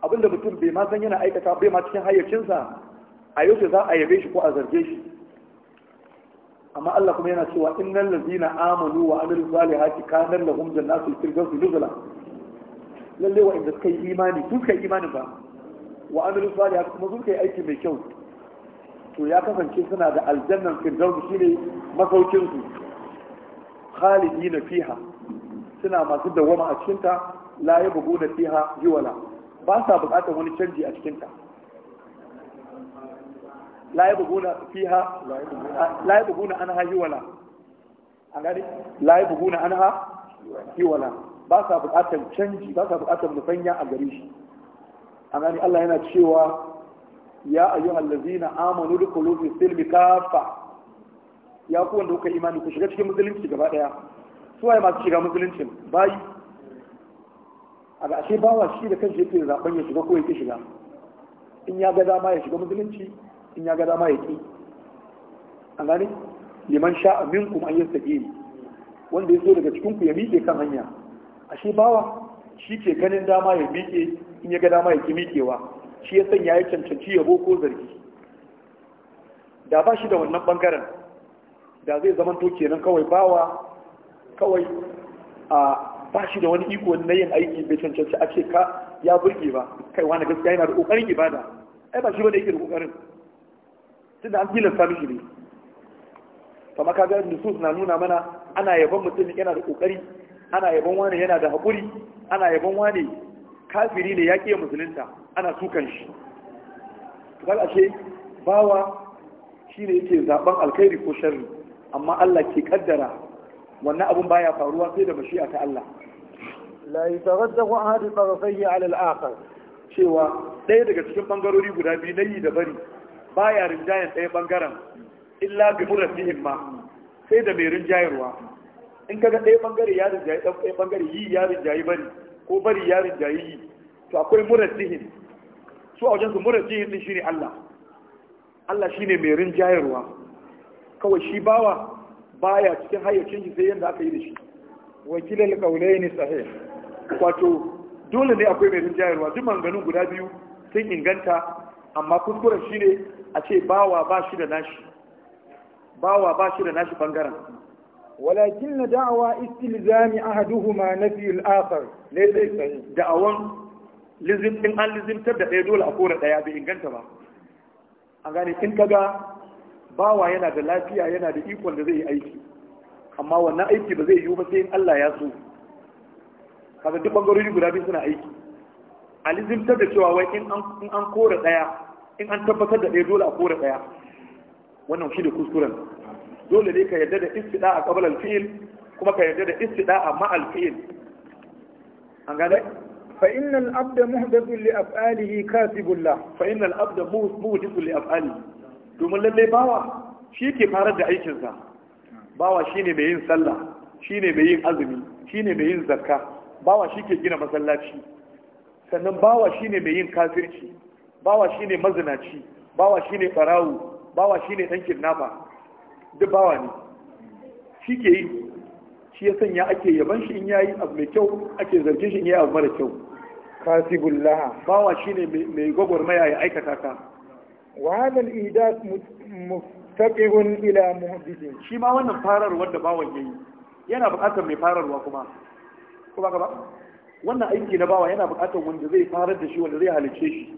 Speaker 1: abinda mutum bai ma san yana aikata bai ma cikin hayyacinsa a yau za a yabe shi ko a zarge shi amma Allah kuma yana cewa innal ladzina amanu wa amilus salihati kana lahum jannatul firdaus nuzula lalle wa inda suka yi imani su kai imani imanin ba wa amilu salihati kuma sun kai aiki mai kyau to ya kasance suna da aljannan firdaus shine masaukin su khalidina fiha suna masu dawama a cikin ta la yabghuna fiha jiwala ba sa buƙatar wani canji a cikin ta la yabghuna fiha la yabghuna anha jiwala an gani la yabghuna anha jiwala ba sa buƙatar canji ba sa buƙatar musanya a gare shi an gani Allah yana cewa ya ayyuhal ladzina amanu dukulu fi silmi kafa ya ku wanda kuka imani ku shiga cikin musulunci gaba daya su waye masu shiga musulunci bayi a ga ashe bawa shi da kanshi yake zaben ya shiga ko yake shiga in ya ga dama ya shiga musulunci in ya ga dama ya ki an gani liman sha'a minkum an yastaqim wanda ya so daga cikin ku ya miƙe kan hanya ashe bawa shi ke ganin dama ya miƙe in ya ga dama ya ki miƙewa shi ya sanya ya cancanci yabo ko zargi da ba shi da wannan bangaren da zai zama to kenan kawai bawa kawai a ba shi da wani iko na yin aiki bai cancanci a ce ka ya burge ba kai wani gaskiya yana da kokarin ibada ai ba shi bane yake da kokarin da an sami mishi ne kuma ka ga nusus na nuna mana ana yaban mutum yana da kokari ana yaban wani yana da haƙuri ana yaban wani kafiri ne ya ƙiya musulunta ana sukan shi tukar ashe bawa shi ne yake zaben alkhairi ko sharri amma Allah ke kaddara wannan abun baya faruwa sai da mashi'a ta Allah la yataghaddahu ahadu tarafayhi ala al-akhar cewa ɗaya daga cikin bangarori guda biyu na yi da bari baya rinjayen ɗaya bangaren illa bi murafihim ma sai da mai rinjayarwa in kaga ɗaya bangare ya rinjayi ɗaya bangare yi ya rinjayi bari ko bari ya rinjayi to akwai murajjihin su a wajen su murajjihin din shine Allah Allah shine mai rin jayarwa. kawai shi bawa baya cikin hayyacin shi sai yanda aka yi da shi wakilal qawlayn sahih wato dole ne akwai mai rin jayarwa. duk manganun guda biyu sun inganta amma kuskuren shine a ce bawa ba shi da nashi bawa ba shi da nashi bangaren ولكن دعوى استلزام أحدهما نفي الآخر ليس دعوى لزم إن أن لزم تبدأ يدول أقول يا بإن كنت ما أغاني إن كذا باوا ينا da lafiya yana da ikon da zai yi aiki amma wannan aiki ba zai yiwu ba sai in Allah ya so kaga duk bangarori guda biyu suna aiki alizim ta da cewa wai in an kore daya in an tabbatar da ɗaya dole a kore daya wannan shi da kuskuren dole ne ka yarda da istida a qabla al-fi'l kuma ka yarda da istida a ma al-fi'l an gane fa inna al-abd muhdath li af'alihi kasibullah fa inna al-abd muhdath li af'alihi domin lalle bawa shi ke farar da aikinsa bawa shine mai yin sallah shine mai yin azumi shine mai yin zakka bawa shi ke gina masallaci sannan bawa shine mai yin kafirci bawa shine mazinaci bawa shine farawo bawa shine dan kidnapper duk bawa ne shi ke yi shi ya sanya ake yaban shi in ya yi abu mai kyau ake zargin shi in yayi abu mara kyau kasibullah bawa shi ne mai gwagwarmaya ya aikata ka wa idas al-ihdath muftaqihun ila muhaddithin shi ma wannan farar wanda bawan yayi yana buƙatar mai fararwa kuma kuma gaba wannan aiki na bawa yana buƙatar wanda zai farar da shi wanda zai halice shi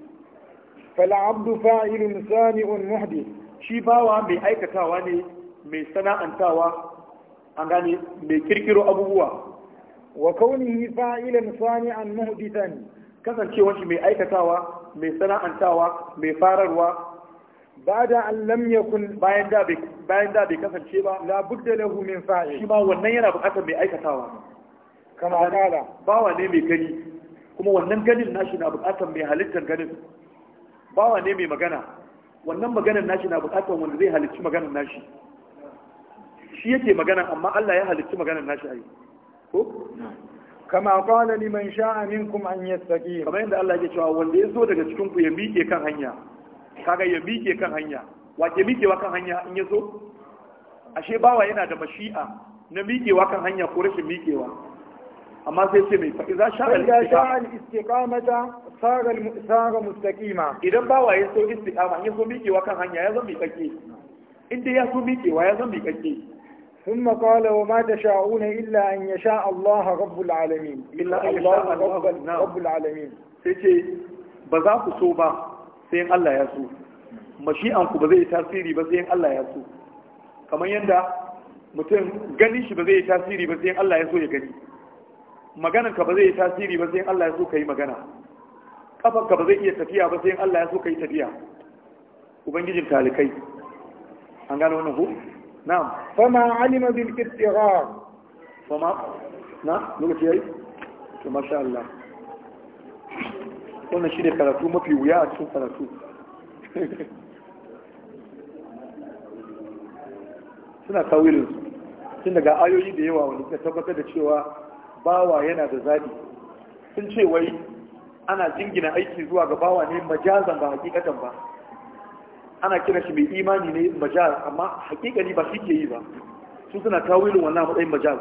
Speaker 1: fal abdu fa'ilun sani'un muhdi. shi bawa mai aikatawa ne mai sana'antawa an gane mai kirkiro abubuwa wa kaunihi fa'ilan sani'an muhdithan kasance shi mai aikatawa mai sana'antawa mai fararwa da an lam yakun bayan da bai bayan da bai kasance ba la budda lahu min fa'il shi ma wannan yana bukatar mai aikatawa kama kala bawa ne mai gani kuma wannan ganin nashi na bukatar mai halittar ganin bawa ne mai magana wannan maganar nashi na bukatar wanda zai halicci maganar nashi shi yake magana amma Allah ya halicci maganar nashi ai ko kama qala liman sha'a minkum an yastaqim kamar yadda Allah yake cewa wanda ya zo daga cikin ku ya miƙe kan hanya kaga ya miƙe kan hanya wace miƙewa kan hanya in ya zo ashe bawa yana da mashi'a na miƙewa kan hanya ko rashin miƙewa amma sai ce mai fa'iza sha'al istiqamata saga saga mustaqima idan bawa ya so istiqama in ya so miƙewa kan hanya ya zama miƙaƙe in dai ya so miƙewa ya zama miƙaƙe ثم قال وما تشاءون إلا أن يشاء الله رب العالمين إلا الله رب, العالمين سيتي بزاف صوبة سين الله يسو mashi'anku ba zai tasiri ba sai Allah ya so kamar yadda mutum ganin shi ba zai tasiri ba sai Allah ya so ya gani maganan ka ba zai tasiri ba sai Allah ya so ka yi magana kafar ka ba zai iya tafiya ba sai Allah ya so ka yi tafiya ubangijin talikai an gano wannan ko نعم فما علم بالاضطرار فما نعم lokaci في to masha Allah الله shi ne karatu mafi wuya a cikin karatu suna tawilin sun tun daga ayoyi da yawa wani ka tabbatar da cewa bawa yana da zaɓi sun ce wai ana jingina aiki zuwa ga bawa ne majazan ba hakikatan ba ana kira shi mai imani ne Majal. amma hakikani ba shi ke yi ba su suna tawilin wannan matsayin Majal.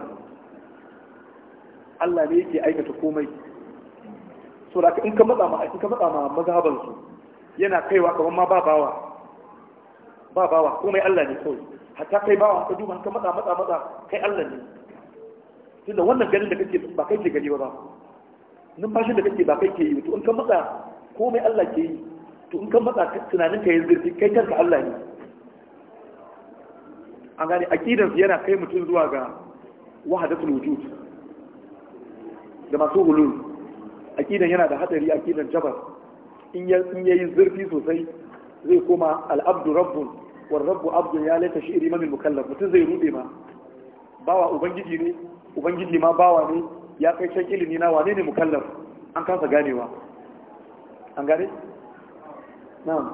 Speaker 1: Allah ne yake aikata komai so da in ka matsa ma in ka matsa ma mazhaban su yana kaiwa kamar ma ba bawa ba bawa komai Allah ne kawai hatta kai bawa ka duba ka matsa matsa matsa kai Allah ne tunda wannan ganin da kake ba kai ke gani ba ba numfashin da kake ba kai ke yi to in ka matsa komai Allah ke yi to in kan matsa tunanin ka yi zirfi kai kanka Allah ne a gane aqidan yana kai mutum zuwa ga wahdatul wujud da masu hulul akidan yana da hadari akidan jabar in ya in yayi zirfi sosai zai koma al-abdu rabbun war rabbu abdun ya laita shi'ri mamin mukallaf mutum zai rube ma bawa ubangiji ne ubangiji ma bawa ne ya kai can ilimi na wane ne mukallaf an kasa ganewa an gane na'am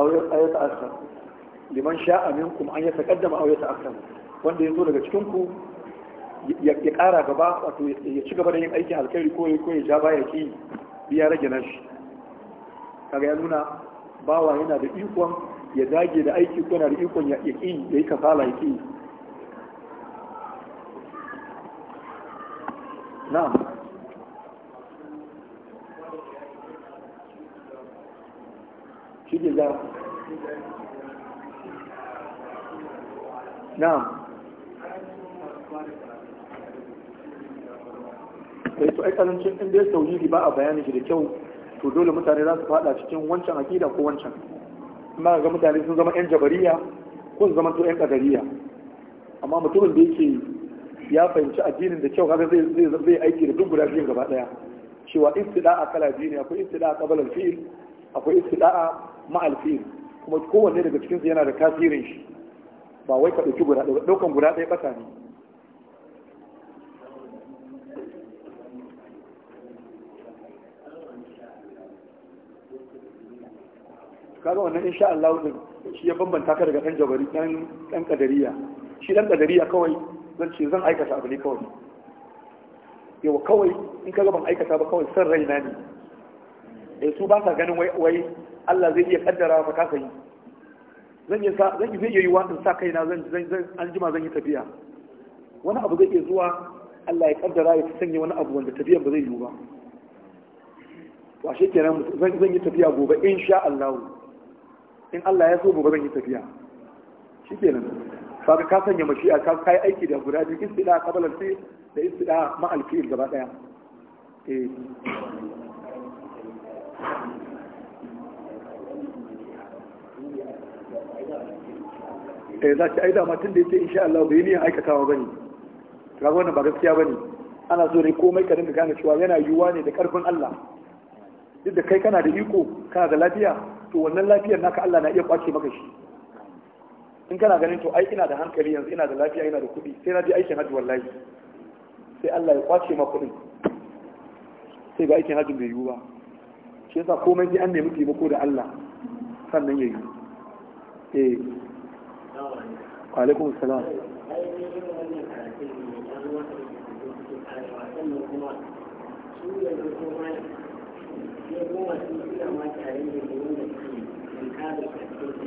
Speaker 1: aw ya ta'akhkhar liman sha'a minkum an yataqaddama aw yata'akhkhar wanda yazo daga cikin ya kara gaba wato ya ci gaba da yin aikin alkhairi ko ya koyi ja baya biya rage nashi kaga ya nuna bawa yana da ikon ya dage da aiki ko yana da ikon ya ki ya yi ya ki نعم shi ke za kai to ai ya tauhidi ba a bayani shi da kyau to dole mutane za su fada cikin wancan akida ko wancan amma ga mutane sun zama yan jabariya ko zama to yan kadariya amma mutumin da yake ya fahimci addinin da kyau kaga zai aiki da duk guda biyun gaba daya cewa istida'a kala biyu ne akwai istida'a qabla al-fi'l akwai istida'a ma al-fi'l kuma kowanne daga cikin su yana da tasirin shi ba wai ka dauki guda daya daukan guda ɗaya bata ne kaga wannan insha Allah shi ya bambanta ka daga ɗan jabari ɗan kadariya shi ɗan kadariya kawai zan ce zan aikata abu ne kawai yau kawai in ka ban aikata ba kawai san raina ne eh su ba sa ganin wai Allah zai iya kaddara ba kasa yi zan yi sa zan zai yi wani sa kaina zan zan an jima zan yi tafiya wani abu zai iya zuwa Allah ya kaddara ya sanya wani abu wanda tafiyan ba zai yiwu ba Washe kenan zan zan yi tafiya gobe insha Allah in Allah ya so gobe zan yi tafiya shikenan kaga ka sanya mashi'a ka kai aiki da guda biyu istida qabla da istida ma alfi'il gaba daya eh. eh za ki aida ya tunda in insha Allah bai niyan aikatawa bane kaga wannan ba gaskiya bane ana so ne komai ka dinga gane cewa yana yiwuwa ne da karfin Allah duk da kai kana da iko kana da lafiya to wannan lafiyar naka Allah na iya kwace maka shi in kana ganin to ai ina da hankali yanzu ina da lafiya ina da kuɗi sai na je aikin hajji wallahi sai Allah ya kwace ma kuɗin sai ba aikin hajji bai yiwu ba shi yasa komai sai an nemi taimako da Allah sannan ya yi eh alaikum salam
Speaker 2: ya goma sun kira mata yayin da ke wanda ke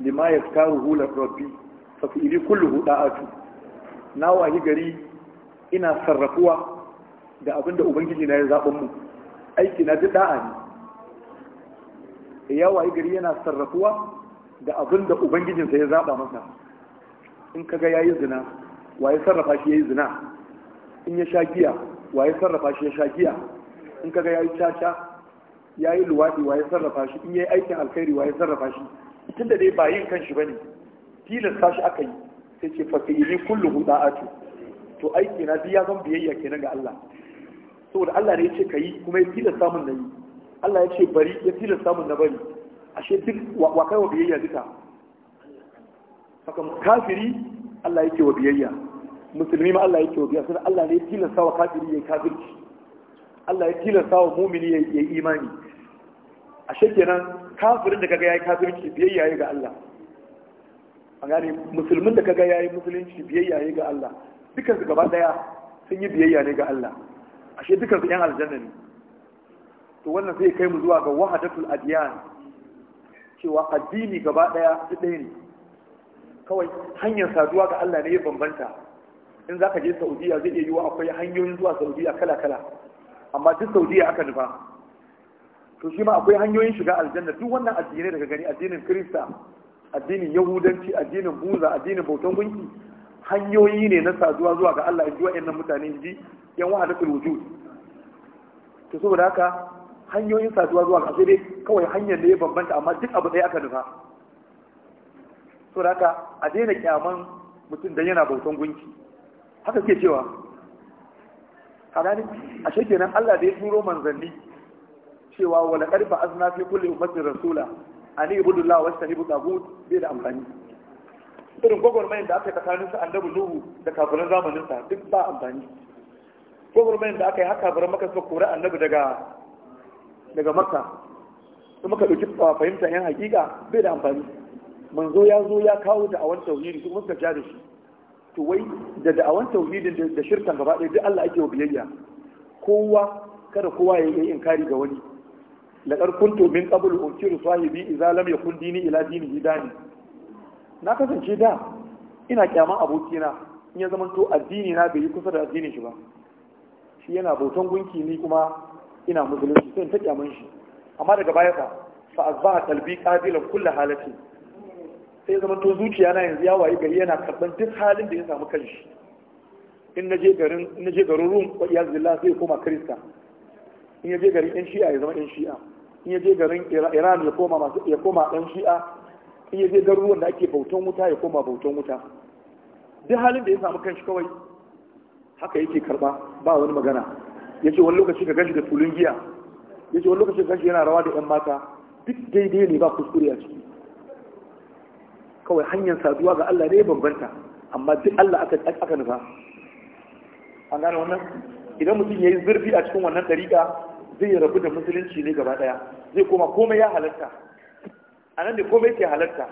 Speaker 1: lima ya karu hula rabbi fa fi'ili kulluhu da'atu na wahi gari ina sarrafuwa da abinda ubangiji na ya zaɓa mu aiki na ji da'a ne ya wahi gari yana sarrafuwa da abinda ubangijinsa ya zaɓa masa in ka ga ya yi zina wa ya sarrafa shi ya yi zina in ya sha giya wa ya sarrafa shi ya sha giya in kaga yi caca ya yi yayi wa ya sarrafa shi in ya yi aikin alkhairi wa ya sarrafa shi tunda dai ba yin kan kanshi bane tilasta shi aka yi sai ce fa fi'ili kulluhu da'atu to aiki na biya zan biyayya kenan ga Allah saboda Allah ne ya ce ka yi kuma ya tilasta mun na yi Allah ya ce bari ya tilasta mun na bari ashe duk wa kai wa biyayya duka saka kafiri Allah yake wa biyayya musulmi ma Allah yake wa biyayya sai Allah ne ya tilasta wa kafiri yayi kafirci Allah ya tilasta wa mu'mini yayi imani ashe nan kafirin da kaga yayi kafirci biyayya yayi ga Allah a gane musulmin da kaga yayi musulunci biyayya yayi ga Allah dukkan su gaba daya sun yi biyayya ne ga Allah ashe dukkan su yan aljanna ne to wannan zai kai mu zuwa ga wahadatul adyan cewa addini gaba daya su ɗaya ne kawai hanyar saduwa ga Allah ne ya bambanta in za ka je Saudiya zai iya yiwa akwai hanyoyin zuwa Saudiya kala kala amma duk Saudiya aka nufa to shi ma akwai hanyoyin shiga aljanna duk wannan addinai daga gani addinin kirista addinin yahudanci addinin buza addinin bautan gunki hanyoyi ne na saduwa zuwa ga Allah inji wa'annan mutane ji yan fil wujud to saboda haka hanyoyin saduwa zuwa ga dai kawai hanyar da ya bambanta amma duk abu ɗaya aka nufa saboda haka a daina kyaman mutum da yana bautan gunki haka ke cewa a ashe kenan Allah da ya turo manzanni cewa wala karfa azna fi kulli ummatin rasula ani ibudullah wasu istanibu tagut bai da amfani irin gwagwarmayin da aka yi tsakanin su annabi nuhu da kafirin zamanin sa duk ba amfani gwagwarmayin da aka yi haka kafirin maka suka kori annabi daga daga makka kuma ka dauki ah, fahimta yan hakika bai da amfani manzo ya zo ya kawo da awan tauhidi kuma suka ja da shi to wai da awan tauhidin da shirkan gaba ɗaya duk Allah ake biyayya kowa kada kowa ya yi inkari ga wani laƙar kuntu min qabl ukiru sahibi idza lam yakun dini ila dini hidani na kasance da ina kyaman abokina in ya zama to addini na bai yi kusa da addinin shi ba shi yana bautan gunki ni kuma ina musulunci sai in ta kyaman shi amma daga baya fa fa azba qalbi qabilan kulli halati sai zama to zuciya na yanzu ya wayi gari yana karban duk halin da ya samu kanshi in naje garin in naje garin Rum wa iyaz sai koma Kirista in je garin yan shi'a ya zama yan shi'a in je garin iran ya koma masu ya koma yan shi'a in ya je garuruwan da ake bautan wuta ya koma bautan wuta duk halin da ya samu kanshi kawai haka yake karba ba wani magana ya ce wani lokaci ka gashi da tulun giya ya ce wani lokaci ka gashi yana rawa da yan mata duk daidai ne ba kuskure a ciki kawai hanyar saduwa ga Allah ne bambanta amma duk Allah aka nufa an gane wannan idan mutum ya yi zurfi a cikin wannan dariƙa zai rabu da musulunci ne gaba daya zai koma komai ya halatta a nan ne komai ke halatta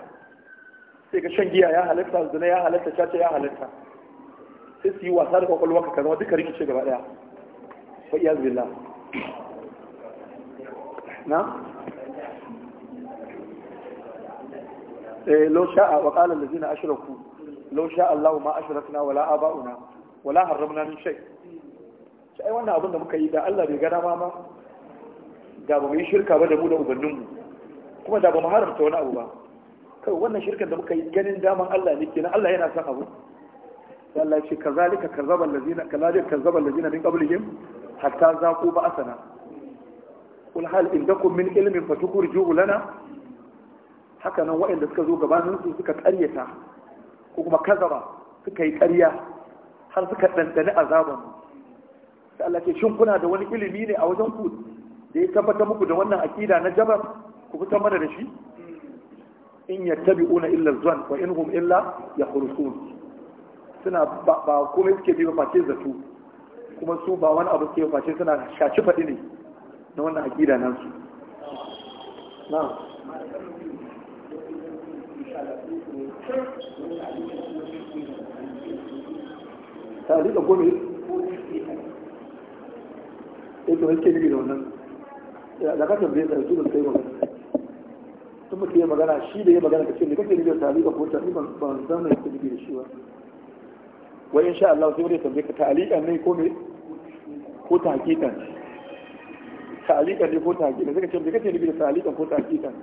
Speaker 1: sai ga shan giya ya halatta zina ya halatta caca ya halatta sai su yi wasa da kwakwalwa ka zama duka rikice gaba daya fa iya zubilla
Speaker 2: na eh lo
Speaker 1: sha'a wa qala allazina ashraku lo sha'a Allahu ma ashrakna wala aba'una wala harramna min shay sai wannan abin da muka yi da Allah bai gana ma ma da ba mu yi shirka ba da mu da ubanninmu kuma da ba mu haramta wani abu ba kawai wannan shirkan da muka yi ganin daman Allah ne kenan Allah yana son abu sai Allah ya ce kazalika kazaba allazina kazalika kazaba allazina min qablihim hatta zaqu ba'sana qul hal indakum min ilmin fatukhrijuhu lana haka nan waɗanda suka zo gabanin su suka karyata. ko kuma kazaba suka yi karya, har suka ɗanɗana azaban sai Allah ce shin kuna da wani ilimi ne a wajen ku da ya tabbata muku da wannan aƙida na jabar ku fitar mana da shi in ya una illa zuwan wa in hum illa yakhrusun suna ba komai suke bi ba face zato kuma su ba wani abu suke face suna shaci faɗi ne na wannan aƙida nan su ta da gome ito eh, yake nufi da wannan da ka tambaye ka su da kai magana tun mutum ya magana shi da ya magana ka ce ne kake nufi da talika ko ta Ba san mai ka nufi da shi ba wa insha Allah sai wani tambaye ka ta'alikan ne ko me ko ta ta'alikan ne ko ta hakikan ka ce me kake nufi da ta'alikan ko ta hakikan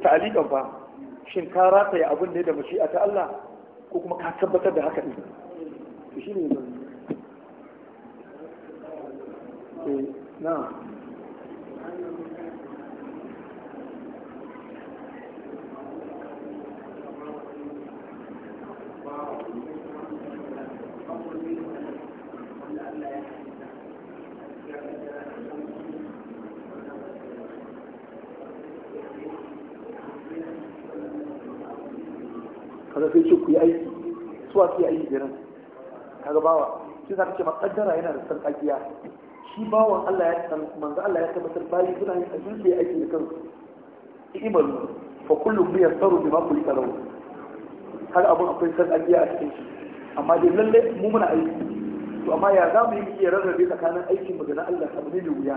Speaker 1: ta'alikan fa shin ka rataya abin ne da mashi'a ta Allah ko kuma ka tabbatar da haka ne shi ne نعم kada sai ce ku yi aiki suwa su yi aiki jiran kaga bawa shi za ka ce makaddara yana da sarƙaƙiya shi bawan Allah ya san manzo Allah ya tabbatar bayi suna yin abin da aiki da kansu imal fa kullu bi yasaru bima kulika lahu har abun akwai san ajiya a cikin shi amma dai lalle mu muna aiki to amma ya za mu yi iya rarrabe tsakanin aikin mu da na Allah abu ne wuya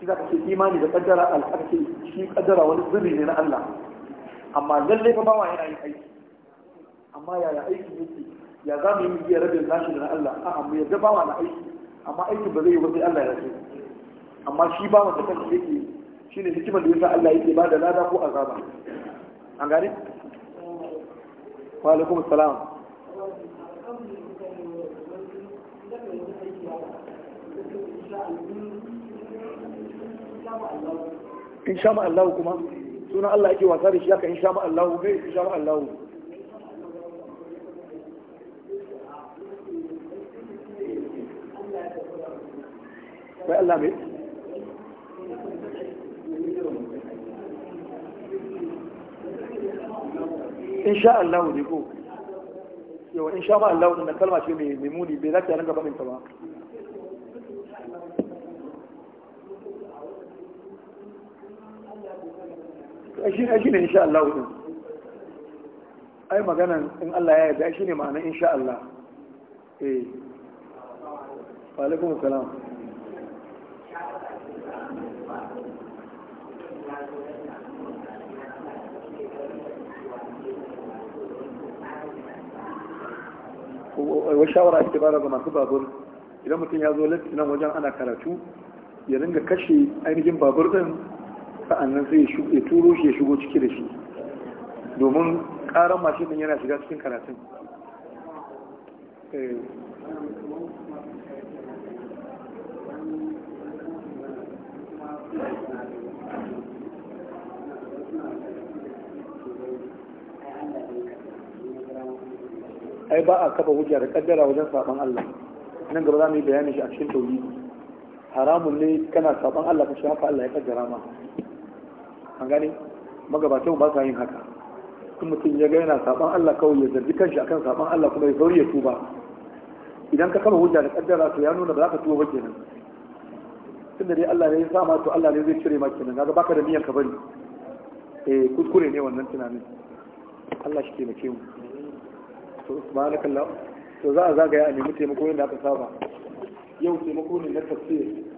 Speaker 1: shi za ka ce imani da kaddara al'arki shi kaddara wani zuri ne na Allah amma lalle fa bawa yana yin aiki amma yaya aiki yake ya za mu yi iya rabin nashi da na Allah a'a mu yadda bawa na aiki amma aikin ba zai yi ba sai Allah ya so amma shi ba wanda kan yake shi ne hikimar da yasa Allah yake ba da lada ko azaba an gane wa alaikum salam in sha Allah kuma sunan Allah yake wasa da shi haka in sha Allah kai in sha Allah
Speaker 2: فقال لها بيه إن
Speaker 1: شاء الله يقول يو إن شاء الله إن الكلمة شو مي ميموني بذات يرنجا بمن طبعا أجين أجين إن شاء الله وده. أي ما إن الله يعيد أجيني معنى إن شاء الله إيه وعليكم السلام wa shawara ake bara ga masu babur idan mutum ya zo lafi nan wajen ana karatu ya ringa kashe ainihin babur din sa'annan sai ya turo shi ya shigo ciki da shi domin karan mashin din yana shiga cikin karatun eh. ai ba a kafa hujja da kaddara wajen saban Allah nan gaba za mu yi bayani shi a cikin tauri haramun ne kana saban Allah ka shafa Allah ya kaddara ma an gane magabatan ba sa yin haka kuma mutum ya ga yana saban Allah kawai ya zargi kanshi akan saban Allah kuma ya zauri ya tuba idan ka kaba hujja da kaddara to ya nuna ba za ka tuba ba kenan tun da dai Allah ne ya sa ma to Allah ne zai cire maka nan kaga baka da niyyar ka bari eh kuskure ne wannan tunanin Allah shi nake mu to subhanakallah to za a zagaya a nemi taimako yadda aka saba yau taimako ne na tafsir